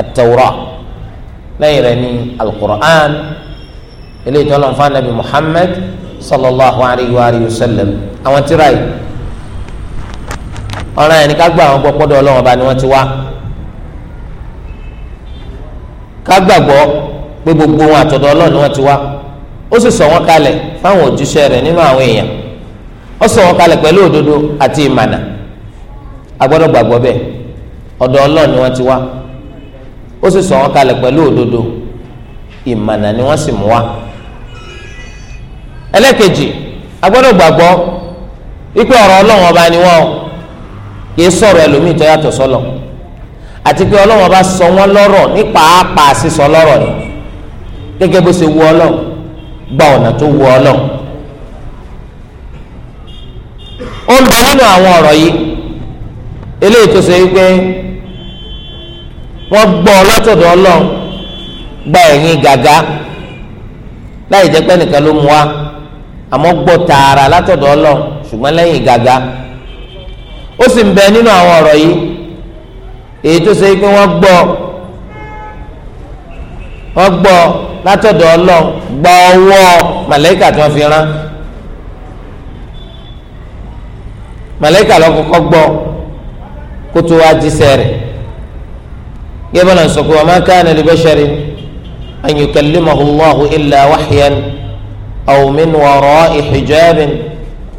[SPEAKER 1] at-Tawrah lẹ́yìn rẹ̀ ní al-Qur'an eléyìí tọ́lọ̀ nfa nàbì muhammad sallallahu alayhi wa sallam àwọn tíra yìí ọ̀ràn yẹn ni ká gbọ́ àwọn gbọ́pọ́dọ̀ ọlọ́run ọba ni wọ́n ti wá ká gbàgbọ́ pé gbogbo wọn àtọ̀dọ̀ ọlọ́run ni wọ́n ti wá ó sì sọ wọn kalẹ̀ fáwọn òjíṣẹ́ rẹ̀ nínú àwọn èèyàn ó sọ wọn kalẹ̀ pẹ̀lú òdodo àti ìmànà agbọ́dọ̀ gbàgbọ́ bẹ́ẹ̀ ọ̀dọ̀ Ọlọ́run ni wọ́n ti wá ó sì sọ wọn kalẹ̀ pẹ̀lú òdodo ìmànà ni wọ́n sì mú wá ẹlẹ́kejì agbọ́dọ̀ gbàgbọ́ wípé ọ̀rọ̀ Ọlọ́run ọba ni wọ́n kì í sọ̀rọ̀ ẹlòmíì tó yàtọ̀ sọ́lọ̀ àti pé Ọlọ́run ọba sọ wọ́n lọ́rọ̀ ní pàápàá sísọ lọ́rọ̀ ni gẹ́gẹ́ bó ṣe wu Ọlọ́run gba ọ̀nà tó wu Ọlọ́run ó ń bẹ nínú àwọn ọ̀rọ̀ yìí eléyìí tó ṣe wípé wọ́n gbọ́ gba ẹ̀yìn gàgá láì jẹ́ pé nìkan ló àmọ́ gbọ́ tààrà látọ̀dọ̀ ọlọ́run ṣùgbọ́n lẹ́yìn gàgá ó sì ń bẹ nínú àwọn ọ̀rọ̀ yìí èyí tó ṣe wípé wọ́n gbọ́ gba ọwọ́ màlẹ́kà tí wọ́n fi rán. màláíkà lọ kọ́kọ́ gbọ́ kó tó wá jíṣẹ́ rẹ̀ yẹ́n bọ́lá sọ pé wa ma kana li basharin an yukallimahu Allahu illa wahyan aw min wara'i hijabin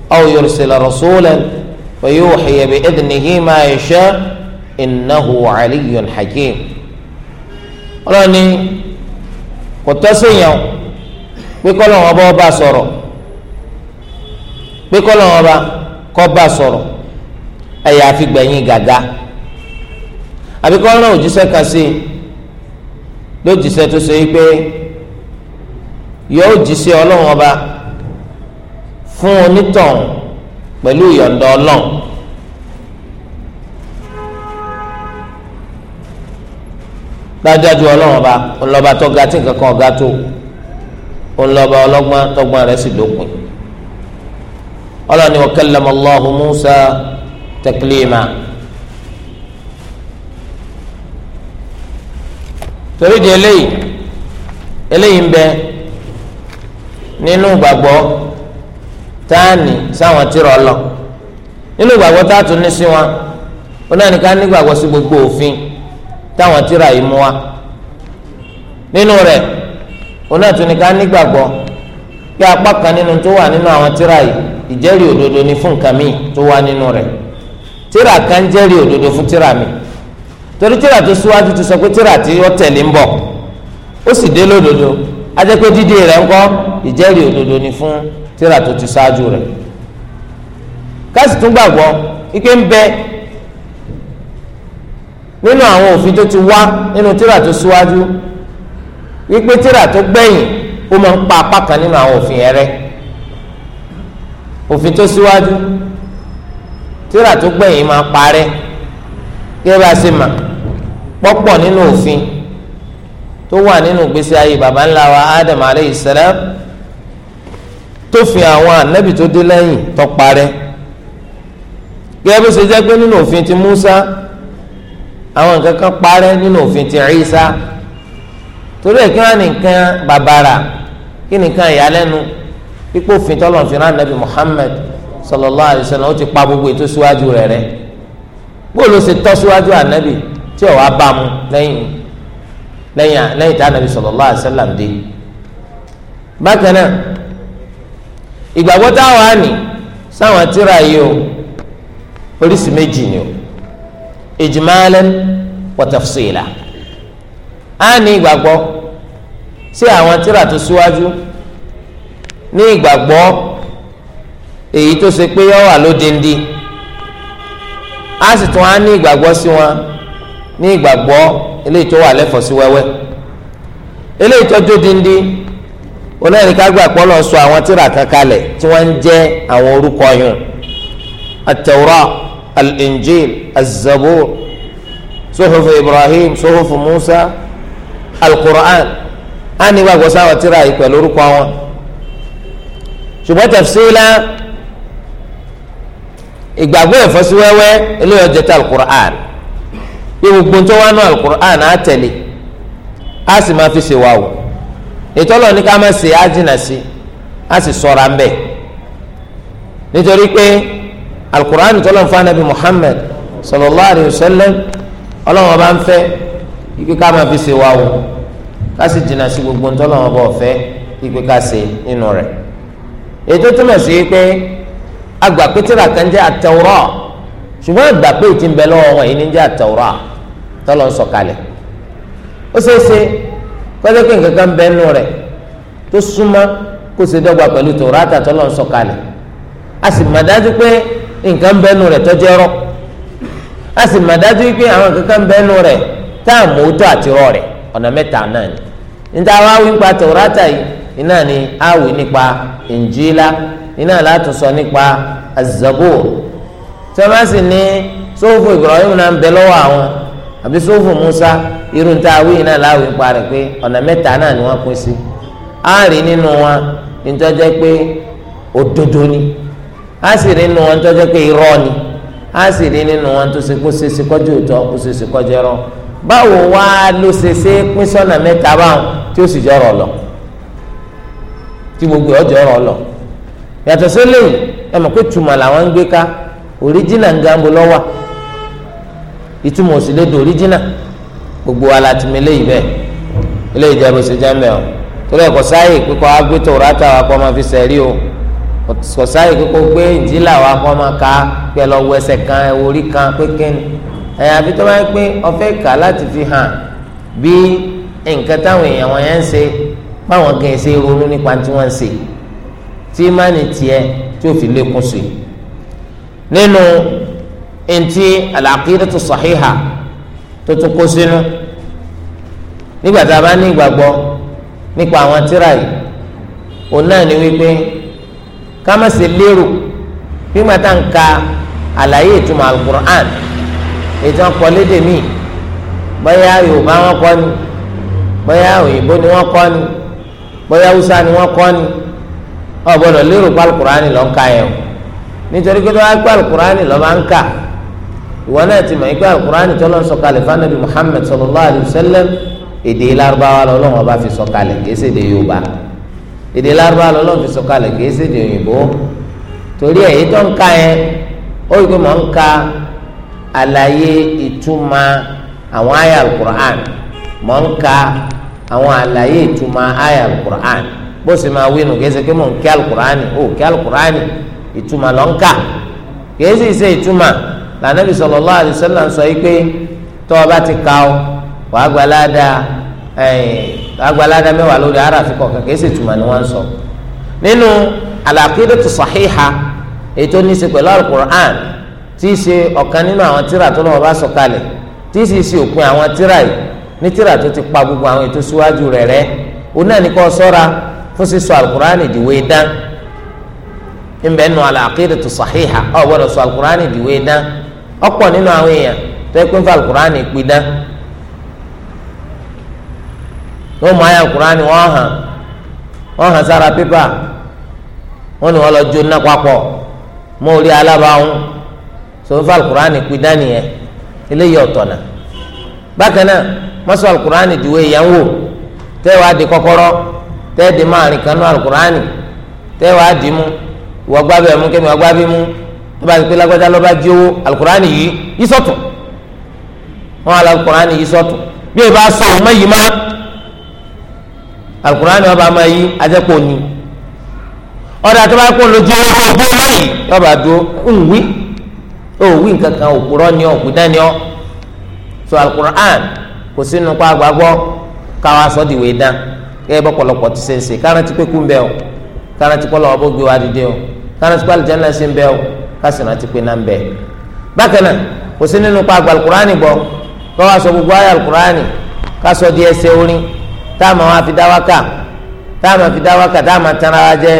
[SPEAKER 1] aw yursila rasulan fa yuhyi bi idnihi ma yasha innahu hakim ọlọ́ni kò tọ́ pé kọ́lọ́ wọn ọba sọ̀rọ̀ pé kọ́lọ́ wọn kọ́ bá sọ̀rọ̀ ẹ̀yà àfigbẹ̀yìn gàgà àbí kọ́ rán òjíṣẹ́ kan sí i lójíṣẹ́ tó ṣe é pé yóò jíṣẹ́ ọlọ́run ọba fún onítọ̀hún pẹ̀lú ìyọ̀ǹda ọlọ́run. dájúdájú ọlọ́run ọba ńlọba tó ga tí nǹkan kan ọ̀gá tó ńlọba ọlọ́gbọ́n tọ́gbọ́n rẹ̀ sì dópin ọlọ́ni wa kallama Allahu Musa taklima. torí di eléyìí eléyìí ń bẹ nínú gbàgbọ́ táàní sáwọn tìrọ lọ nínú gbàgbọ́ táàtú ní sí wọn ó náà nìkan ní gbàgbọ́ sí gbogbo òfin táwọn tìrọ yìí mú wa nínú rẹ̀ ó náà tún nìkan ní gbàgbọ́ pé apá kan nínú tó wà nínú àwọn tìrọ yìí ìjẹ́rìí òdodo ni fún nǹkan mi tó wá nínú rẹ̀ tíra kan jẹ́rìí òdodo fún tíra mi torí tíra tó síwájú ti sọ pé tíra tí ó tẹ̀lé ń bọ̀ ó sì dé lódodo ajẹ́ pé dídé rẹ̀ ńkọ́ ìjẹ́rìí òdodo ni fún tíra tó ti ṣáájú rẹ̀ káàsì tún gbàgbọ́ ike ń bẹ nínú àwọn òfin tó ti wá nínú tíra tó síwájú wípé tíra tó gbẹ̀yìn ó máa òfin tó síwájú tíra tó gbẹ̀yìn máa parẹ́ gẹ́gẹ́ bá a ṣe mà pọ́pọ̀ nínú òfin tó wà nínú ìgbésí ayé baba ńlá wa Adam aleyhi salam tó fi àwọn ànábì tó dé lẹ́yìn tó parẹ́ gẹ́gẹ́ bó ṣe jẹ́ pé nínú òfin ti Musa àwọn nǹkan kan parẹ́ nínú òfin ti Isa torí ẹ̀ kí wọ́n á nìkan bàbàrà kí nìkan ìyàlẹ́nu pípò òfin tọ́lọ̀ fi rán nàbì Muhammad sallallahu alayhi wa sallam ó ti pa gbogbo ètò síwájú rẹ̀ rẹ̀ bóò ló ṣe tọ́ síwájú ànábì tí ò wá bá mu lẹ́yìn lẹ́yìn lẹ́yìn tá ànábì sallallahu alayhi wa sallam dé bákan náà ìgbàgbọ́ táwọn á nì sáwọn àtìrà yìí o oríṣi méjì ni o ijmalan wa á ní ìgbàgbọ́ sí àwọn àtìrà tó síwájú ní ìgbàgbọ́ èyí tó ṣe pé yọ wà lódindi a sì tún á ní ìgbàgbọ́ sí wọn ní ìgbàgbọ́ eléyìí tó wà lẹ́fọ̀ọ́ sí wẹ́wẹ́ eléyìí tó jó dindi olóyìn ká gbà pọ́ lọ sọ àwọn tírà kan tí wọ́n ń jẹ́ àwọn orúkọ yìí atawura al-injil sohofu ibrahim sohofu musa al-qur'an ní ìgbàgbọ́ sáwọn tírà yìí pẹ̀lú orúkọ wọn ṣùgbọ́n tafsila ìgbàgbọ́ ìfọ́síwẹ́wẹ́ eléyọ̀ jẹ́ ti alukur'an bí gbogbo tó wá nù alukur'an á tẹ̀lé á sì máa fi ṣe wà wò ìtọ́lọ̀ ní ká má ṣe á jìnà sí á sì sọ̀ra mbẹ́ nítorí pé alukur'an tọ́lọ̀ ń fa anabi Muhammad sallallahu alayhi wa sallam ọlọ́wọ́n bá ń fẹ́ ipe ká máa fi ṣe wà wò ká sì jìnà sí gbogbo tó lọ́wọ́ bọ̀ fẹ́ ipe ká ṣe nínú rẹ̀. ètò túmọ̀ sí pé agbà kan jẹ́ àtẹwúrọ̀ ṣùgbọ́n agbà pé ń bẹ lọ́wọ́ wọn yìí ní jẹ́ àtẹwúrọ̀ ń sọ kalẹ̀ ó ṣeé ṣe kọ́jọ́ pé nǹkan kan nù rẹ̀ tó súnmọ́ kó ṣe dọ́gba pẹ̀lú ń sọ kalẹ̀ a sì mà dájú pé nǹkan bẹ́ẹ̀ nù rẹ̀ tọ́jú a sì mà dájú pé àwọn kankan bẹ́ẹ̀ nù rẹ̀ rẹ̀ ọ̀nà mẹ́ta náà ni iná ni àwì nípa ìnjílá iná látún sọ nípa az-Zabur tí sófù Ibrahim náà ń bẹ Musa irú tá a wí iná láwì nípa rẹ̀ pé ọ̀nà mẹ́ta náà ni wọ́n pín sí a rí nínú wọn nítọ́jẹ́ pé òdodo ni á sì rí nínú wọn nítọ́jẹ́ pé irọ́ ni á sì rí nínú wọn tó ṣe kó kọjú tí gbogbo ọjọ́ ọ̀rọ̀ lọ yàtọ̀ sí lẹ́yìn ẹ mọ̀ pé tùmọ̀ làwọn ń gbé ká òríjìnà ń gambo lọ́wọ́ ìtumọ̀ òsì lè dò òríjìnà gbogbo wa láti mi léyìí bẹ́ẹ̀ eléyìí jẹ́ bó ṣe jẹ́ mẹ́ o torí ẹ̀ kò sáàyè pé kó agbé Tòrátà wa kó máa fi sẹ́rí o kò sáàyè pé gbé Ìnjílà wa kó máa ká pé lọ wọ ẹsẹ̀ kan orí kan pé kíni àbí tó bá ń pín ọ̀fẹ́ kà láti fi hàn bí nǹkan táwọn èèyàn wọn yẹn ń ṣe báwọn gan ṣe ronú nípa tí wọ́n ń ṣe tí ìmánì tiẹ̀ tí ó fi lékún sí i nínú eŋti al-aqidatu sahiha tó tún kó sínú nígbà tá a bá ní ìgbàgbọ́ nípa àwọn tíra yìí òun náà ni wípé ká má ṣe lérò nígbà tá à ń ka àlàyé ìtumọ̀ al-Qur'an ètò ọkọ̀ lédè míì bóyá Yorùbá wọn kọ́ ni bóyá òyìnbó ni wọ́n kọ́ ni bóyá haúsá ni wọ́n kọ́ ni ọ̀gbọ́dọ̀ lérò pé alukurani ló ń ka yẹn o nítorí pé wọ́n á pé alukurani ló máa ń kà ìwọ náà ti mọ̀ pé alukurani tó lọ́n sọ̀kalẹ̀ fanabi Muhammad sallallahu alayhi wa sallam èdè Lárúbáwá lọ́lọ́run ọba fi sọ̀kalẹ̀ kìí ṣèdè Yorùbá èdè Lárúbáwá lọ́lọ́run fi sọ̀kalẹ̀ kìí ṣèdè òyìnbó torí èyí tó ń yẹn ó yẹ kó mọ̀ ń àlàyé ìtumọ̀ àwọn àyà alukurani mọ̀ ń àwọn àlàyé ìtumọ̀ àyà alukur'an bó sì máa wí nù kéésì pé mò ń kí alukur'an ó kí alukur'an ìtumọ̀ ló ń kà kéésì ṣe ìtumọ̀ lànàbì sallallahu alaihi wasallam sọ yìí pé tọ́ ọba ti ka ọ wàá gba ládàá wàá gba ládàá mẹ́wàá lórí aráàfi kọ̀ọ̀kan kéésì ìtumọ̀ ni wọ́n ń sọ nínú al-aqidatu sahiha ètò ní í ṣe pẹ̀lú alukur'an tí í ṣe ọ̀kan nínú àwọn tíra tó lọ́wọ́ bá sọ ní tírà tó ti pa gbogbo àwọn ètò síwájú rẹ̀ rẹ́ òun náà ní kó sọ́ra fún sísọ alukur'ani dìwé dán nbẹ nù àlà àkídàtu sàhíhà ọ gbọ́dọ̀ sọ alukur'ani dìwé dán ọ̀pọ̀ nínú àwọn èèyàn tó yẹ kó ń fa alukur'ani pè dán wọ́n mú ayé alukur'ani wọ́n hàn wọ́n hàn sára pépà wọ́n ní wọ́n lọ jó ná papọ̀ mọ́ orí alábàáhùn sọ ń alukur'ani pè dán nìyẹn eléyìí ọ̀tọ̀ náà bákan náà mọ́sọ̀ alukur'ani ìdìwé ìyàwó tẹ́ wàá di kọ́kọ́rọ́ tẹ́ di máàrin kanú alukur'ani tẹ́ wàá di mú wọ́n gbá bẹ́ẹ̀ mú kẹ́mi wọ́n gbá bí mú tó bá ti pé lágbájá lọ́ba jí owó alukur'ani yìí yí sọ̀tún wọn àlọ́ alukur'ani yìí sọ̀tún bí ẹ bá sọ ọmọ yìí má alukur'ani ọba máa yí ajẹ́pọ̀ ni ọ̀dà tó bá kó lójú owó ọgbọ́n lẹ́yìn ọba dúró ń wí òwí nǹkan kan òpùrọ́ ni ọ̀ kò sínú pa àgbàgbọ́ káwa sọ dìwé dán kẹ́ ẹ bọ́ pọ̀lọpọ̀ ti ṣe ń ṣe kárántì pé kú ń bẹ o kárántì pọ́lọ́ ọ̀bọ gbé wa dìde o kárántì pé àlùjánnà ṣe ń bẹ o kásìnà ti pé náà ń bẹ. bákan náà kò sí nínú pa àgbà alukurani gbọ́ káwa sọ gbogbo ayé alukurani ká sọ di ẹsẹ̀ orin táàmù àwọn afi dáwákà táàmù afi dáwákà táàmù atara wa jẹ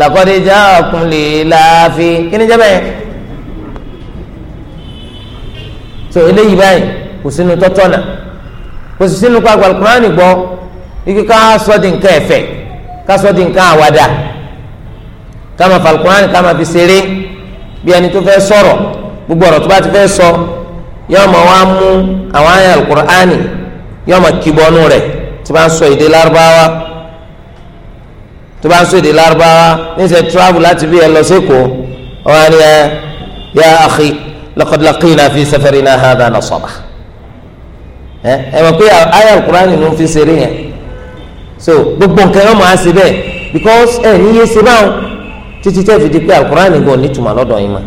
[SPEAKER 1] làkọ́dé já ọkùnrin láàfi kí ni jẹ́ so eléyìí báyìí kò sínú tọ́tọ́ náà kò sì sínú ká Al-Qur'ani gbọ́ ike ká sọ di nǹkan ẹ̀fẹ̀ ká sọ di nǹkan àwàdà ká máa fa Al-Qur'ani ká máa fi ṣeré bí ẹni tó fẹ́ sọ̀rọ̀ gbogbo ọ̀rọ̀ tó bá ti fẹ́ sọ yóò máa wá mú àwọn àyà Al-Qur'ani yóò máa kíbọnú rẹ̀ tó bá ń sọ èdè lárúbáwá tó bá ń sọ èdè lárúbáwá níṣẹ́ travel láti bí ẹ lọ sí Èkó ọ̀hán ni ẹ yá akhi laqad laqina fi safarina hadha nasaba ẹ ẹ mọ̀ pé ayé alukurani ló ń fi ṣeré yẹn so gbogbo nǹkan yẹn máa ṣe bẹ́ẹ̀ because ẹ níye ṣe báwọn títí tẹ́ fi di pé alukurani gan ní tùmọ̀ lọ́dọ̀ yín mọ́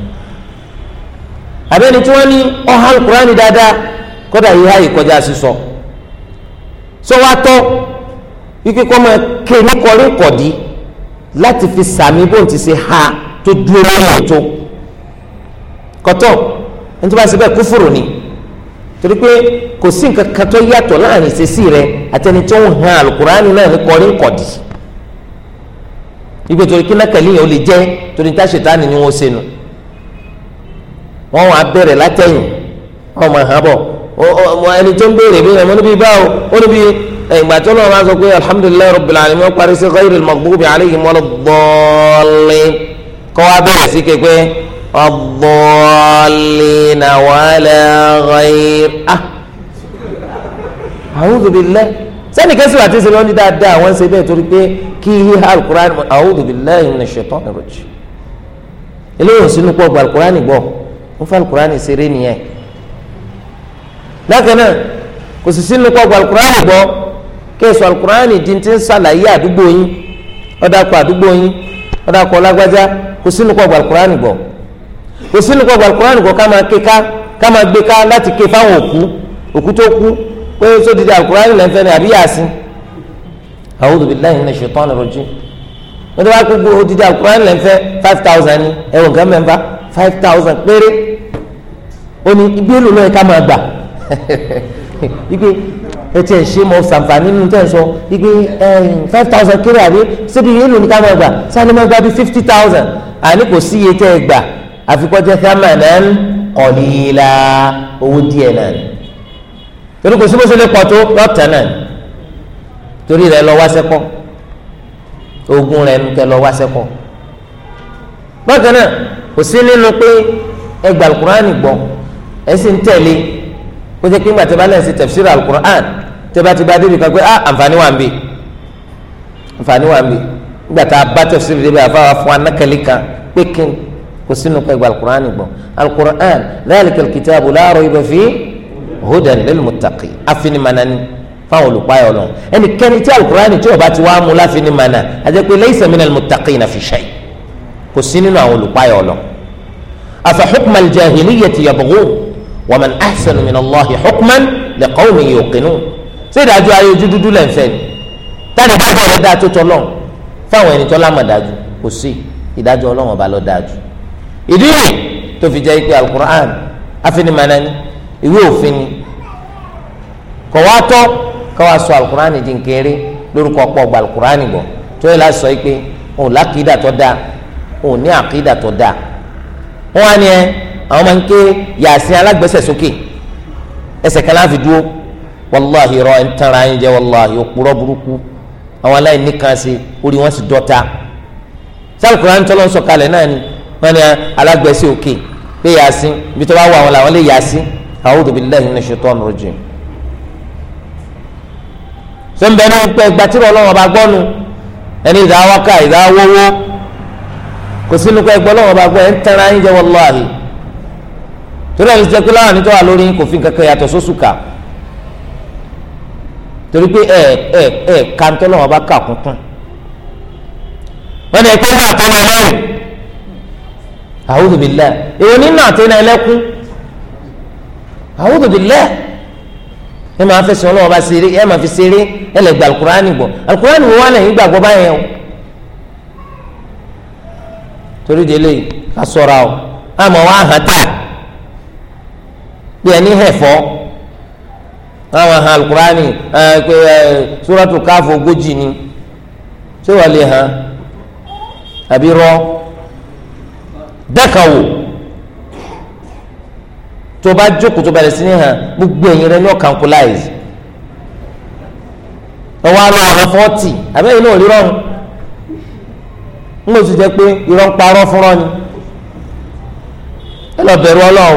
[SPEAKER 1] àbẹ́ni tí wọ́n ní ọ̀hán alukurani dáadáa kódà yìí háyì kọjá sísọ sọ wá tọ́ wípé kọ́ máa ké ní kọrí kọ̀dí láti fi sàmì bóun ti ṣe ha tó dúró lọ́wọ́ tó kọ́tọ́ ẹni tó bá ṣe bẹ́ẹ̀ kúfùrù ni torí pé kò sí nǹkan kan tó yàtọ̀ láàrin ìṣesí rẹ àtẹni tó ń han alukurani náà ní kọrí nkọ̀dì ìgbé torí kí nákàlí yẹn ó lè jẹ́ torí níta ṣètánì ni wọ́n ṣe nu wọ́n wá bẹ̀rẹ̀ látẹ̀yìn wọ́n máa hàn bọ̀ ẹni tó ń béèrè bí ẹni níbi báwo ó níbi ìgbà tó lọ́wọ́ máa sọ pé alhamdulilayi rabbil alamin wọ́n parí sí ghayril maghdubi alayhim wala ddallin kọ́ wá bẹ̀rẹ̀ sí kékeré. الضالين ولا غير أه. أعوذ بالله sani kẹsì wà tí sẹbi wọn di dáadáa wọn ṣe bẹ́ẹ̀ torí pé kí híhá alukur'an a'udhu billahi minash shaitani rajim eléyìí sínú pọ gba alukur'an gbọ wọn fọ alukur'an ṣeré nìyẹn bákan náà kò sì sínú pọ gba alukur'an gbọ kéésù alukur'an di ti ń ṣàlàyé àdúgbò yín ọdà kọ àdúgbò yín ọdà kọ lágbájá kò sínú pọ gba alukur'an gbọ kò sínú kọ gbà kúránì kọ ká máa ké ká ká máa gbé ká láti ké fáwọn òkú òkú tó kú pé sódìdí àkúránì lẹ́fẹ́ ni àbí yàsín a'udhu billahi minash shaitani rajim wọ́n ti wá gbogbo odidi àkúránì lẹ́fẹ́ five thousand ni ẹ̀wọ̀n kan mẹ́fà five thousand péré ó ní ibi èlò lọ́yẹ ká máa gbà ipe ẹtì ẹ̀ ṣe mọ sàǹfààní nínú tẹ̀ ń sọ ipe five thousand kéré àbí síbi èlò ní ká máa gbà sani máa gbà bí fifty thousand àní kò sí iye tẹ́ ẹ gbà àfikọ́ jẹ́ thamanan qalila owó díẹ̀ náà ni torí kò síbòsí lè pọ̀ tó lọ́tẹ̀ náà ni torí rẹ̀ lọ wá sẹ́kọ̀ ogun rẹ̀ nu kẹ́ lọ wá sẹ́kọ̀ bákan náà kò sí nínú pé ẹ gba alukur'an gbọ́ ẹ sì ń tẹ̀lé kó jẹ́ pé ńgbà tẹ́ bá lẹ́yìn sí alukur'an tẹ́ bá ti bá débi kan pé ah àǹfààní wà ń bì àǹfààní wà ń bì ńgbà tá a bá tafsir débi àfa wa fún anákẹ́lẹ́ kan pé kí n kò sínú pẹ́ gba alukur'an gbọ́ alukur'an dhalika alkitabu la rayba fihi hudan lilmuttaqin afinimanani fáwọn olùpáyọ̀ lọ ẹnikẹ́ni tí alukur'an tí ó bá ti wá mú láfinimana àjẹpẹ́ laysa minal muttaqina fi shay kò sí nínú àwọn olùpáyọ̀ lọ afa hukmal jahiliyyati yabghun wa man ahsanu minallahi hukman liqawmin yuqinun ṣé ìdájọ́ ayé ojú dúdú lẹ́ńfẹ́ ni táni bá bọ̀ lọ́dà tó tọ́ lọ́n fáwọn ẹni tọ́lá mọ̀ dájú kò sí ìdájọ́ ọlọ́run ọba lọ́dájú ìdí rẹ̀ tó fi jẹ́ pé alukur'an afinimana ni ìwé òfin ni kò wá tọ́ ká wá sọ alukur'an di nkéré lórúkọ pọ̀ gba alukur'an gbọ́ tó yẹ láti sọ pé òun lákìdá tó dáa òun ní àkìdá tó dáa wọn á ní ẹ àwọn máa ń ké yàsín alágbèsè sókè ẹsẹ̀ kan láfi dúró wàláhi rọ ẹni tán ara yín jẹ wàláhi òpùrọ́ burúkú àwọn aláìní kan sí orí wọn sì dọ́ta sálùkùrán tọ́lọ́ sọ̀kalẹ̀ náà ni wọ́n ní alágbèsè òkè pé yasin ibi tó bá wà wọn làwọn lè yasin a'udhu billahi minash shaitani rajim. ṣé ń bẹ náà pé gbàtírọ̀ ọlọ́run ọba gbọ́nu ẹni ìdáwọ́ká ìdáwọ́wọ́ kò sínú pé ẹgbẹ́ ọlọ́run ọba gbọ́ ẹ̀ ń tẹ́ra ń jẹ́ wallahi torí ẹni jẹ́ pé láwọn àníjọ́ wà lórí kò fi kankan yàtọ̀ sósùkà torí pé ẹ ẹ ẹ kàńtọ́ lọ́wọ́ bá kà kún kún wọ́n ní ẹgbẹ́ ìgbà tó máa lọ́rùn a'udhu billah èwo nínú àtẹnà ẹlẹ́kún a'udhu billah ẹ máa fẹsẹ̀ ọlọ́wọ́ bá ṣeré ẹ máa fi ṣeré ẹ lè gba alukurani gbọ́ alukurani wo wà lẹ́yìn gbàgbọ́ báyẹn o torí délé asọ̀ra o àmọ́ wa hàn tà bí ẹni hẹ̀fọ́ àwọn hàn alukurani ẹ pé ẹ sóràtú káfọ́ ogójì ni ṣé wà lè hàn àbí rọ́ọ́. dẹ́kan toba tó bá jókòó tó bẹ̀rẹ̀ sí ní hàn gbogbo ẹ̀yìn rẹ ní ọ̀kan kó láìsí ọwọ́ àlọ́ ọ̀rọ̀ fọ́ọ̀tì àbẹ́yìn náà rí rọrùn ń lò sí jẹ́ pé irọ́ ń parọ́ ni ẹ lọ bẹ̀rù ọlọ́run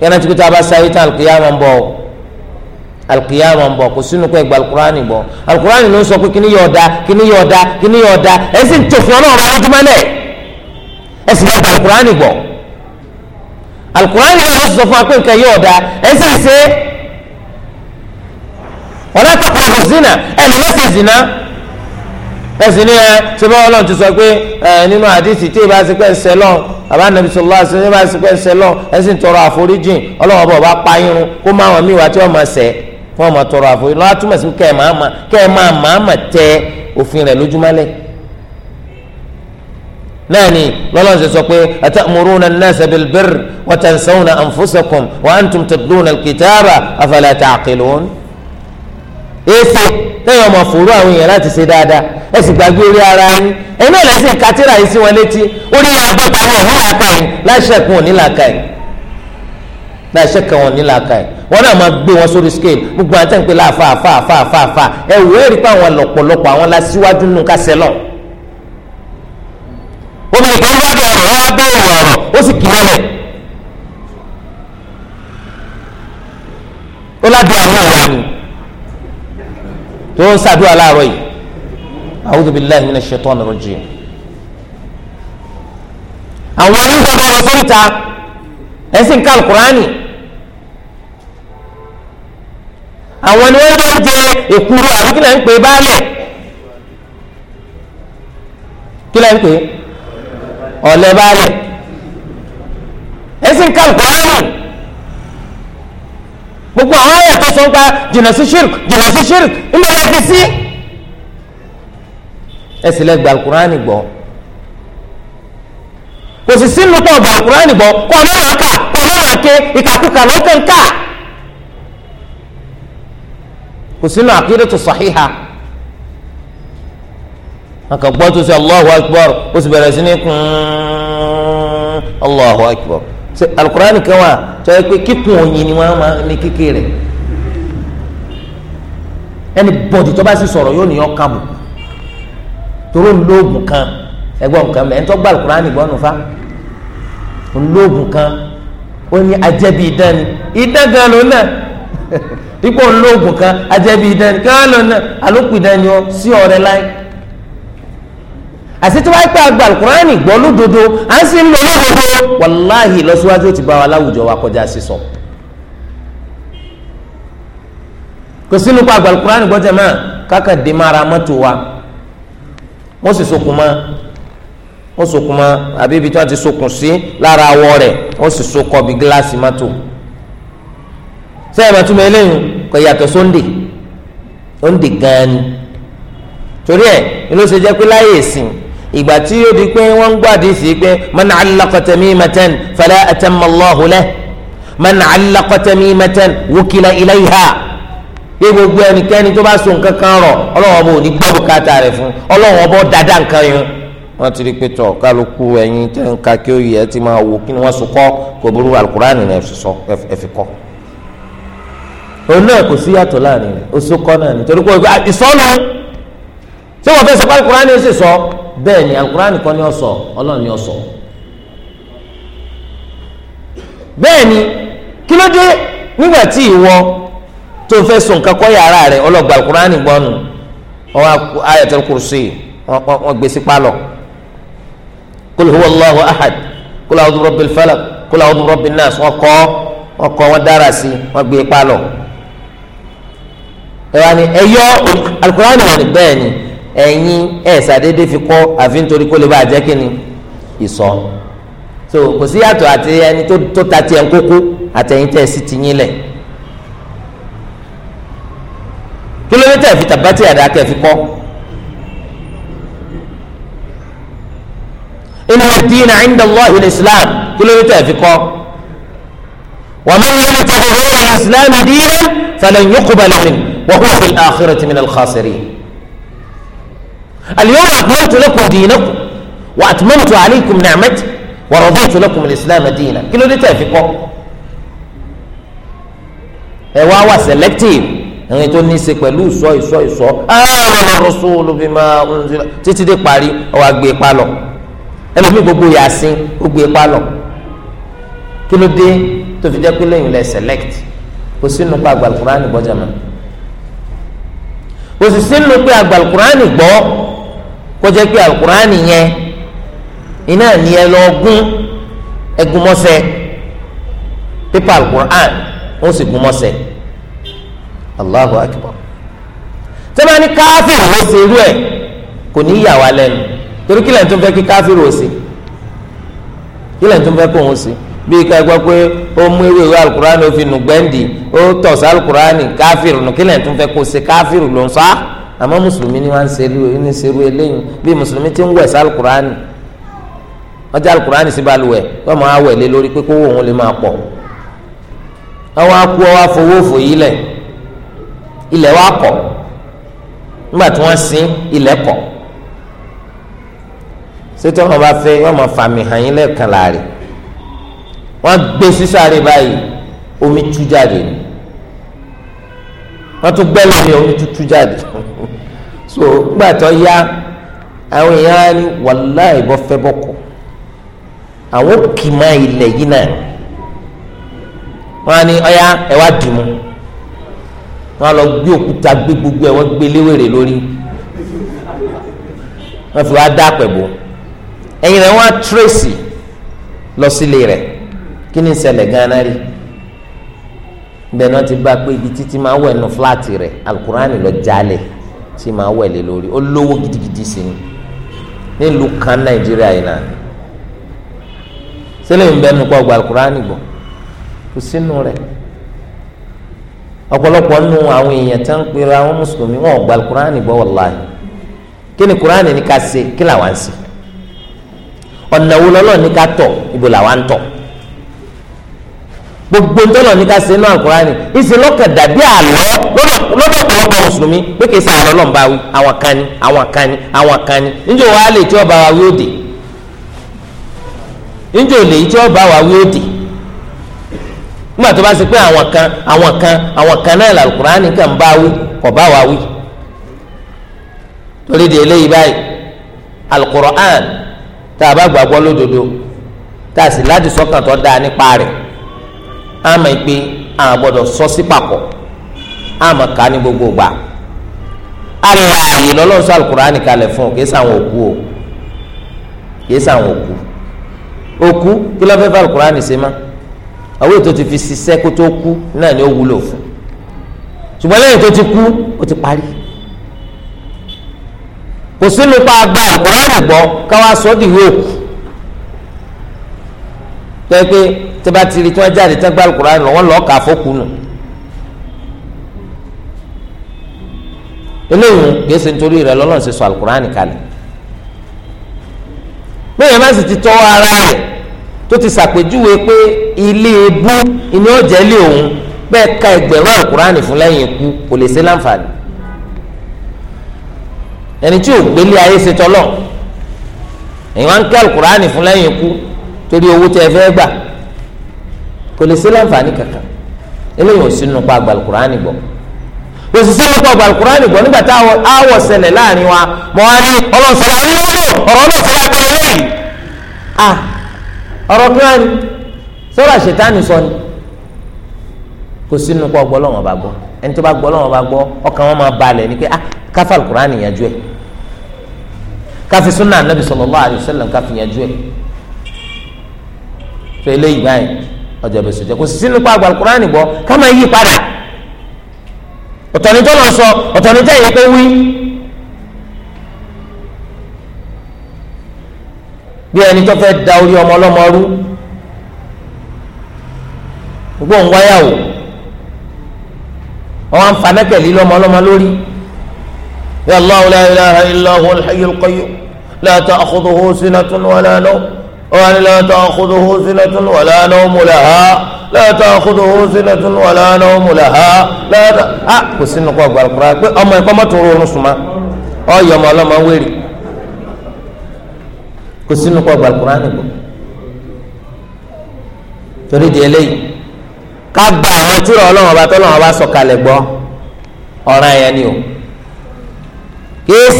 [SPEAKER 1] yẹnna tí kò tá a bá sáyé tá alùkìyàmọ̀ ń bọ̀ ọ́ alùkìyàmọ̀ ń bọ̀ kò sínú alukurani bọ̀ alukurani ló ń sọ pé kíní kíní kíní ẹ sì máa gba alukurani gbọ́ alukurani náà ó sọ fún wa pé nǹkan yóò da ẹ sì ṣe wala taqrabu zina ẹ lè má ṣe zina ẹ sì ní ẹ ṣe bá Ọlọ́run ti sọ pé ẹ nínú àdìsí tí ìbá ṣe pé ń ṣe lọ́n bàbá nàbí sọlá ṣe ìbá ṣe pé ń ṣe lọ́n ẹ sì ń tọrọ àforíjìn Ọlọ́run bọ̀ bá pa irun kó má wọn míì wá tí wọ́n máa ṣẹ̀ fún ọmọ tọrọ àforíjìn lọ́wọ́ túmọ̀ sí kẹ́ ẹ̀ máa máa tẹ òfin rẹ̀ lójúmọ́lẹ̀ náà ni lọ́lọ́run ṣe sọ pé atamuruna an-nasa bil birri wa tansawna anfusakum wa antum tatluna al afala ta'qilun. èsì lẹ́yìn ọmọ fòrò àwọn èèyàn láti ṣe dáadáa ẹ sì gbàgbé orí ara yín ẹ̀yin náà lẹ́sìn katira yìí sí wọn létí orí agbọ́ta wọn ní làákà yìí láṣẹ kan làákà yìí láṣẹ kan làákà yìí wọn náà máa gbé wọn sórí scale gbogbo àtẹ̀ǹpẹ̀ láàfáàfáàfáàfáà ẹ wò rí pé àwọn lọ̀pọ̀lọpọ̀ àwọn lásìwájú nù kásẹ̀ lọ́ọ̀ obìnrin kan wá bẹ̀rù wọn wá bẹ̀rù ọ̀rọ̀ ó sì kì mọ́lẹ̀. ó ládùn àwọn ìyá mi tó ń ṣàdúrà láàárọ̀ yìí a'udhu billahi minash shaitani rajim. àwọn onígbàgbọ́ lọ sóríta ẹ̀sìn ká alukurani àwọn ni wọ́n bá jẹ èkuru àbíkí náà ń pè é kí náà ń ọ̀lẹ́ balẹ̀ ẹ̀sìn kan kọ́ọ̀rù gbogbo àwọn ayé àtọ́sọ ń pa jìnnà sí shirk jìnnà sí shirk ń bẹ̀rẹ̀ fi sí. ẹ sì lẹ gba alukurani gbọ́ kò sì sínú tó gba alukurani gbọ́ kọ́ ọ̀nà wà ká kọ́ ọ̀nà wà ké ìkàkùkà lọ́kàn ká kò sínú àkídàtu sahiha wọn kàn gbọ́ tó sọ allahu akbar ó sì bẹ̀rẹ̀ sí ní kún allahu akbar ṣe alukurani kan wà tó yẹ pé kíkún oyin ni wọn máa ní kékeré ẹni bọ̀dì tó bá sì sọ̀rọ̀ yóò ní ọkà bù toró lóògùn kan ẹgbọ́n nǹkan mẹ́ ẹni tó gba alukurani gbọ́ nù fa kan ó ní ajẹ́bi ìdán ni ìdán gan ló náà kan ajẹ́bi ìdán ni kí wọ́n lọ náà alókùn ìdán ni ó sí àti tí wàá pẹ́ àgbà alukurani gbọ́ lódodo à ń sì ń lò lódodo wàláhì lọ́síwájú ti bá wa láwùjọ wa kọjá sísọ. kò sínú pa àgbà alukurani gbọ́ jẹ́mọ́ káka dè má ara mọ́tò wa wọ́n sì sokùn mọ́ wọ́n sokùn mọ́ àbí ibi tí wọ́n ti sokùn sí lára awọ rẹ̀ wọ́n sì sokọ̀ bí gíláàsì mọ́tò. sẹ́yìn màtúmọ̀ eléyìí kò yàtọ̀ sóńdè óńdè gan-an ni torí ẹ̀ ló ṣe jẹ́ pé láyé ìsìn ìgbà tí yóò di pé wọ́n ń gbàdí sí pé man allaqa tamimatan fala atamma Allahu lahu man allaqa tamimatan wukila ilayha pé gbogbo ẹnikẹ́ni tó bá so nǹkan kan rọ̀ ọlọ́wọ́n bò ní gbọ́ bùkátà rẹ̀ fún ọlọ́wọ́n bò dáadáa nǹkan yẹn wọ́n ti rí pé tọ̀ kálukú ẹ̀yin tẹ́ ń ka kí ó yẹ ẹ ti máa wò kí ni wọ́n so kọ́ kò burú alukur'ani ni ẹ fi kọ́ òun náà kò sí yàtọ̀ láàrin rẹ̀ ó so kọ́ náà nítorí pé ìsọ́nù tí wọ́n fẹ́ sọ pé alukur'ani ó bẹ́ẹ̀ ni alukur'an nìkan ni ó sọ ọlọ́run ni ó sọ bẹ́ẹ̀ ni kí ló dé nígbà tí ìwọ tó fẹ́ sùn nǹkan kọ́ yàrá rẹ ọlọ́gba alukur'an gbọ́nu ọwọ́ ayatul kursi wọ́n gbé sí pálọ̀ kul huwa allahu ahad kul a'udhu birabbil falaq kul a'udhu birabbin nas wọ́n kọ́ wọ́n kọ́ wọ́n dára sí wọ́n gbé pálọ̀ ẹ̀ wá ní ẹ yọ alukur'an wọ̀ bẹ́ẹ̀ ni ẹ̀yin ẹ̀ ṣàdédé fi kọ́ àfi nítorí kó lè bá jẹ́ kínni ìsọ so kò sí yàtọ̀ àti ẹni tó ta tiẹ̀ ń kókó àtẹ̀yìn tẹ̀ sí ti yín lẹ̀ kílómítà fi tàbátì àdáké fi kọ́ inú dínà inda Allahi islam kílómítà fi kọ́ wàmú yẹn tẹ̀lé ìwé ìsìlámù dínà falan yuqbala min wa huwa fil akhirati min al-khasirin al-yawma akmaltu lakum dinakum wa atmamtu alaykum ni'mati wa raditu lakum al-islam dinan kí ló dé tẹ̀ fi kọ́ ẹ wá wà selective ẹni tó ní í ṣe pẹ̀lú ìsọ ìsọ ìsọ àwọn rasulu bima unzila títí dé parí ọwọ́ àgbè palọ̀ ẹlòmíì gbogbo yàsín ó gbé palọ̀ kí ló dé tó fi jẹ́ pé lẹ́yìn lẹ́ select kò sínú pé àgbàlùkùránì gbọ́ jẹ́ mọ́ kò sì sínú pé àgbàlùkùránì gbọ́ kọjá pé alukurani yẹn iná ni ẹ lọ gún ẹgún mọ́sẹ̀ pépà alukuran ó sì gún mọ́sẹ̀ Allahu akbar tẹ́lẹ̀ ní káfíìn ló ṣe irú ẹ̀ kò ní yà wá lẹ́nu torí kílẹ̀ tó ń fẹ́ kí káfíìn ò ṣe kílẹ̀ tó ń fẹ́ kó òun ṣe bí ká gbọ́ pé ó mú ewé ìwé alukurani ó fi nù gbẹ́ndì ó tọ̀ sí alukurani káfíìn nù kílẹ̀ tó ń fẹ́ kó ṣe káfíìn ló ń sọ á àmọ́ mùsùlùmí ni wọ́n ń serú ní serú eléyìí bí mùsùlùmí ti ń wẹ̀ sí alukurani wọ́n jẹ́ alukurani sí balùwẹ̀ wọ́n máa wẹ̀ lé lórí pé kówó òun lè máa pọ̀ ọwọ́ akú ọwọ́ afọwọ́fọ yìí lẹ̀ ilẹ̀ wa kọ̀ nígbà tí wọ́n sin ilẹ̀ kọ̀ sétí wọ́n bá fẹ́ wọ́n máa fàmì hàn yín lẹ́ẹ̀kan láàrin wọ́n gbé sísáré báyìí omi tú jáde ni wọ́n tún gbẹ́lẹ̀ ní omi tútù jáde so gbà tó yá àwọn èèyàn á ní wàláì bọ́ fẹ́ bọ́kọ̀ àwọn kì máa ilẹ̀ yìí náà wọ́n á ní ọ̀yá ẹ̀ wá dì mú wọ́n á lọ gbé òkúta gbé gbogbo ẹ̀ wọ́n gbé léwèrè lórí wọ́n fi wá dá pẹ̀bù ẹ̀yìn rẹ̀ wọ́n á tírèsì lọ sílé rẹ̀ kí ni ìṣẹ̀lẹ̀ gan rí bẹ́ẹ̀ náà ti bá pé ibi títí máa wẹ̀ nù fúláàtì rẹ̀ alukurani lọ jalè tí máa wẹ̀ lé lórí ó lówó gidigidi sí ni nílùú kan nàìjíríà yìí náà sílẹ̀ ń bẹ́ẹ̀ nu kọ́ gba alukurani gbọ́ kò sínú rẹ̀ ọ̀pọ̀lọpọ̀ nù àwọn èèyàn tán pèrè àwọn mùsùlùmí wọn ò gba alukurani gbọ́ wàláyé kí ni kurani ní ká ṣe kí làwọn ṣe ọ̀nà wo lọ́lọ́ ní ká tọ̀ ibo làwọn tọ̀ gbogbo ntọ́nà ní ká sínú àkùránì ìsìn lọ́kàn dàbí àlọ́ lọ́dọ̀ ọ̀pọ̀lọpọ̀ mùsùlùmí pé kìí sàlọ́ lọ́n bá wí àwọn kan àwọn kan àwọn kan ní níjẹ́ wàá lè tí ọba wa wí tí ọba wa wí nígbà tó bá pé àwọn kan àwọn kan àwọn kan náà kàn bá wí kò bá wa wí torí de eléyìí báyìí tá a bá gbàgbọ́ lódodo tá a sì láti sọ́kàn tó dáa nípa rẹ̀ àmọ́ ìpè àgbọ́dọ̀ sọ sí papọ̀ àmọ́ ká ní gbogbo gbà àríwá ààyè lọ́lọ́sọ alukur'ani kalẹ̀ fún kìí sàwọn òkú o kìí sàwọn òkú òkú kí ló fẹ́ fẹ́ alukur'ani ṣe má àwọn ètò ti fi ṣiṣẹ́ kó tó kú náà ni ó wúlò fún ṣùgbọ́n lẹ́yìn tó ti kú ó ti parí kò sínú pa àgbà alukur'ani gbọ́ káwá sọ́ọ́ dìwé òkú tẹ́ pé tẹ́ bá ti rí tí wọ́n jáde tẹ́ gbá Al-Qur'an lọ wọ́n lọ́ọ́ kà fókù nù. eléyìí gbèsè nítorí rẹ̀ lọ́lọ́run ṣe sọ Al-Qur'an kalẹ̀ bẹ́ẹ̀ má sì ti tọ́wọ́ ara rẹ̀ tó ti ṣàpèjúwe pé ilé ebú ni ó jẹ́ lé òun bẹ́ẹ̀ ka ẹgbẹ̀rún àkùránì fún lẹ́yìn ikú kò lè ṣe láǹfààní ẹni tí ò gbélé ayé ṣe tọ́lọ̀ èyí wá ń kẹ́ àkùránì fún lẹ́yìn ikú torí owó tẹ fẹ́ gbà kò lè sí láǹfààní kankan eléyìí ò sínú pa àgbàlùkùránì gbọ́ kò sì sínú pa àgbàlùkùránì gbọ́ nígbà tá àwọ̀ ṣẹlẹ̀ láàrin wa mọ̀ á ní ọlọ́sọ̀rọ̀ oníwúlò ọ̀rọ̀ ọlọ́sọ̀rọ̀ agbára lẹ́yìn. à ọ̀rọ̀ kí wọ́n ní ah, sọ́rọ̀ àṣetánì sọ ni kò sínú pa ọgbọ́ lọ́wọ́ bá gbọ́ ẹni tó bá gbọ́ lọ́wọ́ bá gbọ́ ọkàn wọn máa balẹ̀ ni pé ah káfà àlùkùránì yanjú ẹ̀ káfi súnà ànábì sallallahu alaihi wasallam káfi yanjú ẹ̀ tó eléyìí báyìí ọjà bẹsẹ jẹ kò sí sínú pa àgbà alukurani gbọ́ ká máa yí padà ọ̀tọ̀ ni tọ́lọ̀ sọ ọ̀tọ̀ ni tẹ́yẹ pé wí. bí ẹni tó fẹ́ da orí ọmọ ọlọ́mọ rú gbogbo ń wáyà o wọn fa mẹ́kẹ̀lí lọ́mọ ọlọ́mọ lórí. Allahu la ilaha illa huwal hayyul qayyum la ta'khudhuhu sinatun wa la nawm. وأن لا تأخذه سنة ولا نوم لها لا تأخذه سنة ولا نوم لها لا ت... أه كسنة قوة القرآن أما يقوم ترون سما أو يوم الله ما ويري كسنة قوة القرآن torí di eléyìí ká gba àwọn tí ọlọ́run ọba tọ́lọ́run ọba sọ̀kalẹ̀ gbọ́ ọ̀ràn yẹn ni o kì í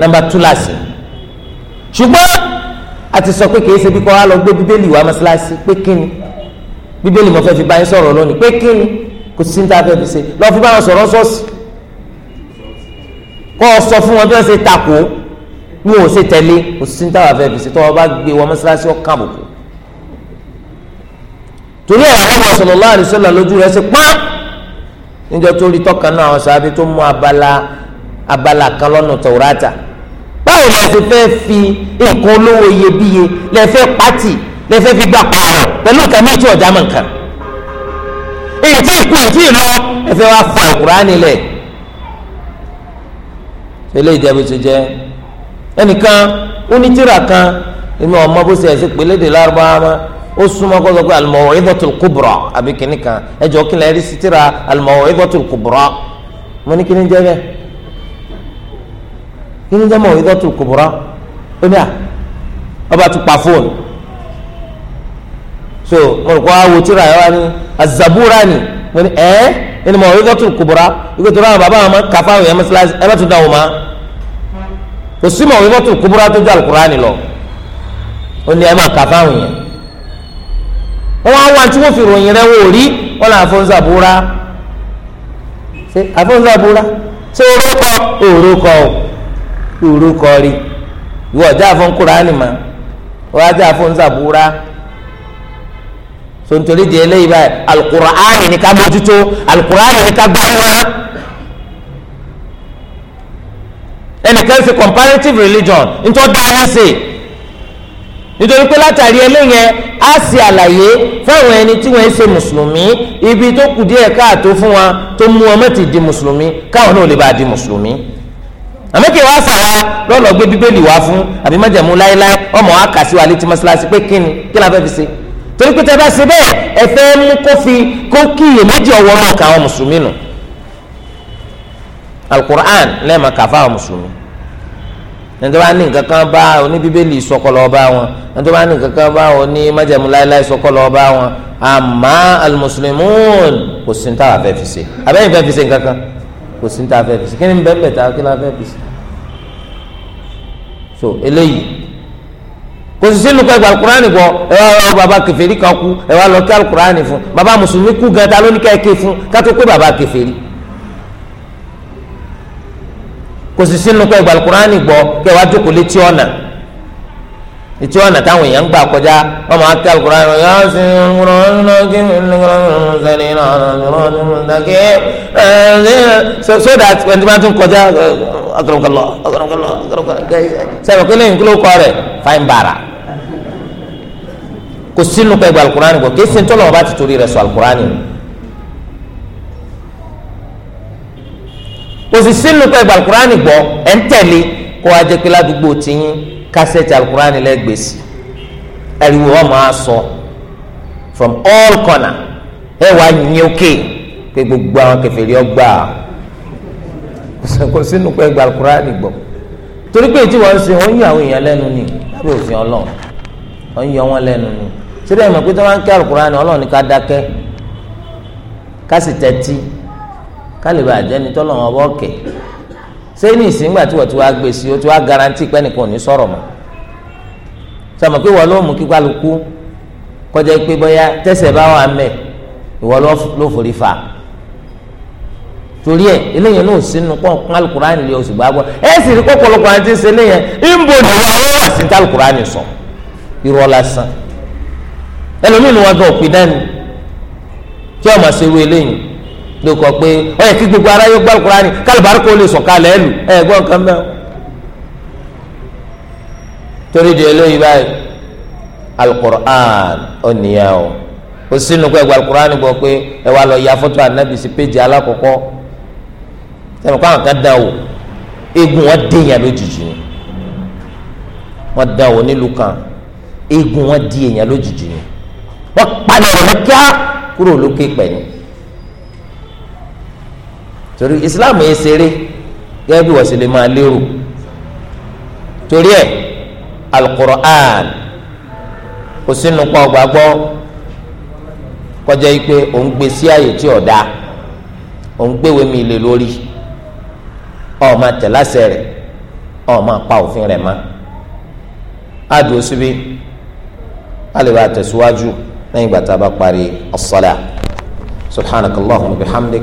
[SPEAKER 1] nàmbà túláàsì ṣùgbọ́n a ti sọ pé kìí ṣe bí kọ́ wa lọ gbé bíbélì wa mọ́ṣáláṣí pé kíni bíbélì mo fẹ́ fi bá yín sọ̀rọ̀ lónìí pé kíni kò sí ní ta fẹ́ fi ṣe lọ́ọ́ fi bá wọn sọ̀rọ̀ sọ́ọ̀sì kọ́ ọ sọ fún wọn bí wọ́n ṣe takò bí wọn ò ṣe tẹ̀lé kò sí ní fẹ́ fi ṣe tọ́ ọ bá gbé wọn mọ́ṣáláṣí ọ̀kan àbùkù torí ẹ̀ àwọn sallallahu alaihi wasallam lójú rẹ̀ ṣe pọ́n níjọ́ abala abala kan lọ́nà Taurata báwo lẹ ṣe fẹ́ fi nǹkan olówó iyebíye lẹ fẹ́ pátì lẹ fẹ́ fi gbà pààrọ̀ pẹ̀lú nǹkan méjì ọ̀dà mọ̀ nǹkan èyí tí ìpín ìtì lọ ẹ fẹ́ wá fa àkùránì lẹ̀ eléyìí jẹ́ bó ṣe jẹ́ ẹnìkan onítìrà kan èmi ọmọ bó ṣe ẹ̀ sí pèlédè lárúbáwá máa ó súnmọ́ kó sọ pé al-Maw'izatul Kubra àbí kìnnìkan ẹ jọ kí lẹ́ẹ̀rí sítìrà al-Maw'izatul Kubra mo ní kí ni jẹ́ bẹ́ẹ̀ kí ni jẹ́mọ̀ Maw'izatul Kubra ó ní à ọba tún pa fóònù so mo rò kó awo tíra ẹ wá ní azabura ni mo ní ẹ ẹni Maw'izatul Kubra ìgbé tó rà bàbá àwọn kàfá àwọn yẹn mẹsàlásì ẹ bá tún dáwọ ma kò sí Maw'izatul Kubra tó ju Al-Qur'ani lọ ó ní ẹ máa kàfá àwọn yẹn wọn wá wá tí wọn fi ròyìn rẹ wò rí wọn là àfọwọ́nsàbúra ṣe àfọwọ́nsàbúra ṣe orúkọ orúkọ o kúrú kọrí ìwọ ọjà fún kúránì mà wọ́n ajá fún zàbúrà sontori di eléyìí báyìí alukuraani ni ká mójútó alukuraani ni ká gbámúra ẹnìkan ṣe comparative religion ntọ́ da ayé ṣe nítorí pé látàrí eléyẹn á ṣe àlàyé fáwọn ẹni tí wọ́n ṣe mùsùlùmí ibi tó kù díẹ̀ káàtó fún wa tó mú ọmọ ti di mùsùlùmí káwọn náà lè bá di mùsùlùmí àmọ́kè wá sàrà lọ́lọ́ gbé bíbélì wá fún àbí májẹ̀mú láéláé ọmọ wa kà sí wa létí mọ́ṣáláṣí pé kí ni kí la fẹ́ fi ṣe torí pé tẹ́ bá ṣe bẹ́ẹ̀ ẹ fẹ́ mú kó fi kó kí iyèméjì ọwọ́ máa kà àwọn mùsùlùmí nù alukur'an lẹ́ẹ̀ma kà fáwọn mùsùlùmí ẹni tó bá ní nǹkan kan bá oní bíbélì sọkọlọ bá wọn ẹni tó ní nǹkan kan bá oní májẹ̀mú láéláé sọkọlọ bá wọn àmọ́ almuslimun kò sí níta fẹ́ bìsí kí ni bẹ́ẹ̀ bẹ́ẹ̀ ta kí la fẹ́ bìsí. so eléyìí kò sì sínú pẹ́ gba alukurani gbọ́ ẹ wá lọ bàbá kèfèrí kan kú ẹ wá lọ kí alukurani fún bàbá mùsùlùmí kú gan ta ló ní ká ẹ ké fún ká tó pé bàbá kèfèrí kò sì sínú pẹ́ gba alukurani gbọ́ kẹ wá jókòó létí ọ̀nà ètò ọ̀nà táwọn èèyàn ń gbà kọjá wọ́n máa tẹ́ àlùkò rárá yọ sí so that ẹni tí wọ́n tún kọjá agọ̀rọ̀gọ̀lọ̀ agọ̀rọ̀gọ̀lọ̀ agọ̀rọ̀gọ̀lọ̀ sẹ́wọ̀n kí lóyún kí ló kọ́ rẹ̀ fáin bàrà kò sínú pẹ̀lú àlùkò rárá kò kí sí tọ́lọ̀ wọn bá ti torí rẹ̀ sọ àlùkò rárá kò sì sínú pẹ̀lú àlùkò rárá gbọ́ ẹ̀ ń tẹ̀lé kó wá jẹ́ pé ládùúgbò tiyín kásẹ̀tì alukurani lẹ́gbẹ̀ẹ́sì ariwo wọn máa sọ from all corner ẹ wá yín òkè pé gbogbo àwọn kèfèrí ọgbà kò sínú pé gba alukurani gbọ́ torí pé tí wọ́n ń ṣe wọ́n yí àwọn èèyàn lẹ́nu ni lábẹ́ òfin ọlọ́run wọ́n yọ wọ́n lẹ́nu ni síbẹ̀ ìmọ̀ pé tí wọ́n ń kí alukurani ọlọ́run ní ká dákẹ́ ká sì tẹ́tí ká lè bàjẹ́ ni tọ́lọ́run ṣé ní ìsìngbà tí wọ́n ti wá gbé sí o ti wá garanti pé ẹnìkan ò ní sọ̀rọ̀ mọ́ sọmọ pé wọ́n ló mú kí kálukú kọjá pé bóyá tẹ̀sẹ̀ bá wà mẹ́ ìwọ ló forí fa torí ẹ eléyìí ló sínú pọ́n kún alukurani lé oṣù gbàgbọ́ ẹ sì rí kókó alukurani ti ṣe léyìn ìbò nìyẹn wọ́n wà sí alukurani sọ irọ́ lásán ẹlòmíràn wọn gan òpin dání tí ọmọ ló kọ pé ó yẹ kí gbogbo aráyé gbọ́ Al-Kùránì kálíbárì kò lè sọ̀kalẹ̀ ẹ̀lù ẹ̀ gbọ́ nǹkan mẹ́wọ́. torí di eléyìí báyìí Al-Kùránì ó nìyẹn o ó sínú pé ẹgbẹ́ Al-Kùránì gbọ́ pé ẹ wá lọ ya fọ́tò ànábì sí péjì alákọ̀ọ́kọ́ sẹ́mi kó àwọn kan dá o eégún wọn déyàn lójijì ni wọ́n dá o nílùú kan eégún wọn di èèyàn lójijì ni wọ́n palẹ̀ ọ̀rọ̀ kíá kúrò lókè pẹ̀lú torí islam yẹn ṣeré gẹ́gẹ́ bí wọ́n sì lè máa lérò torí ẹ̀ alukur'an kò sínú pa ọgbà gbọ́ kọjá yìí pé òun gbé sí àyè tí ọ̀dà òun gbéwèé mi lè lórí ọ̀ máa rẹ̀ ọ̀ pa òfin rẹ̀ mọ́ àdùn síbi a tẹ̀síwájú lẹ́yìn ìgbà tá a bá parí as-salah subhanakallahumma bihamdik.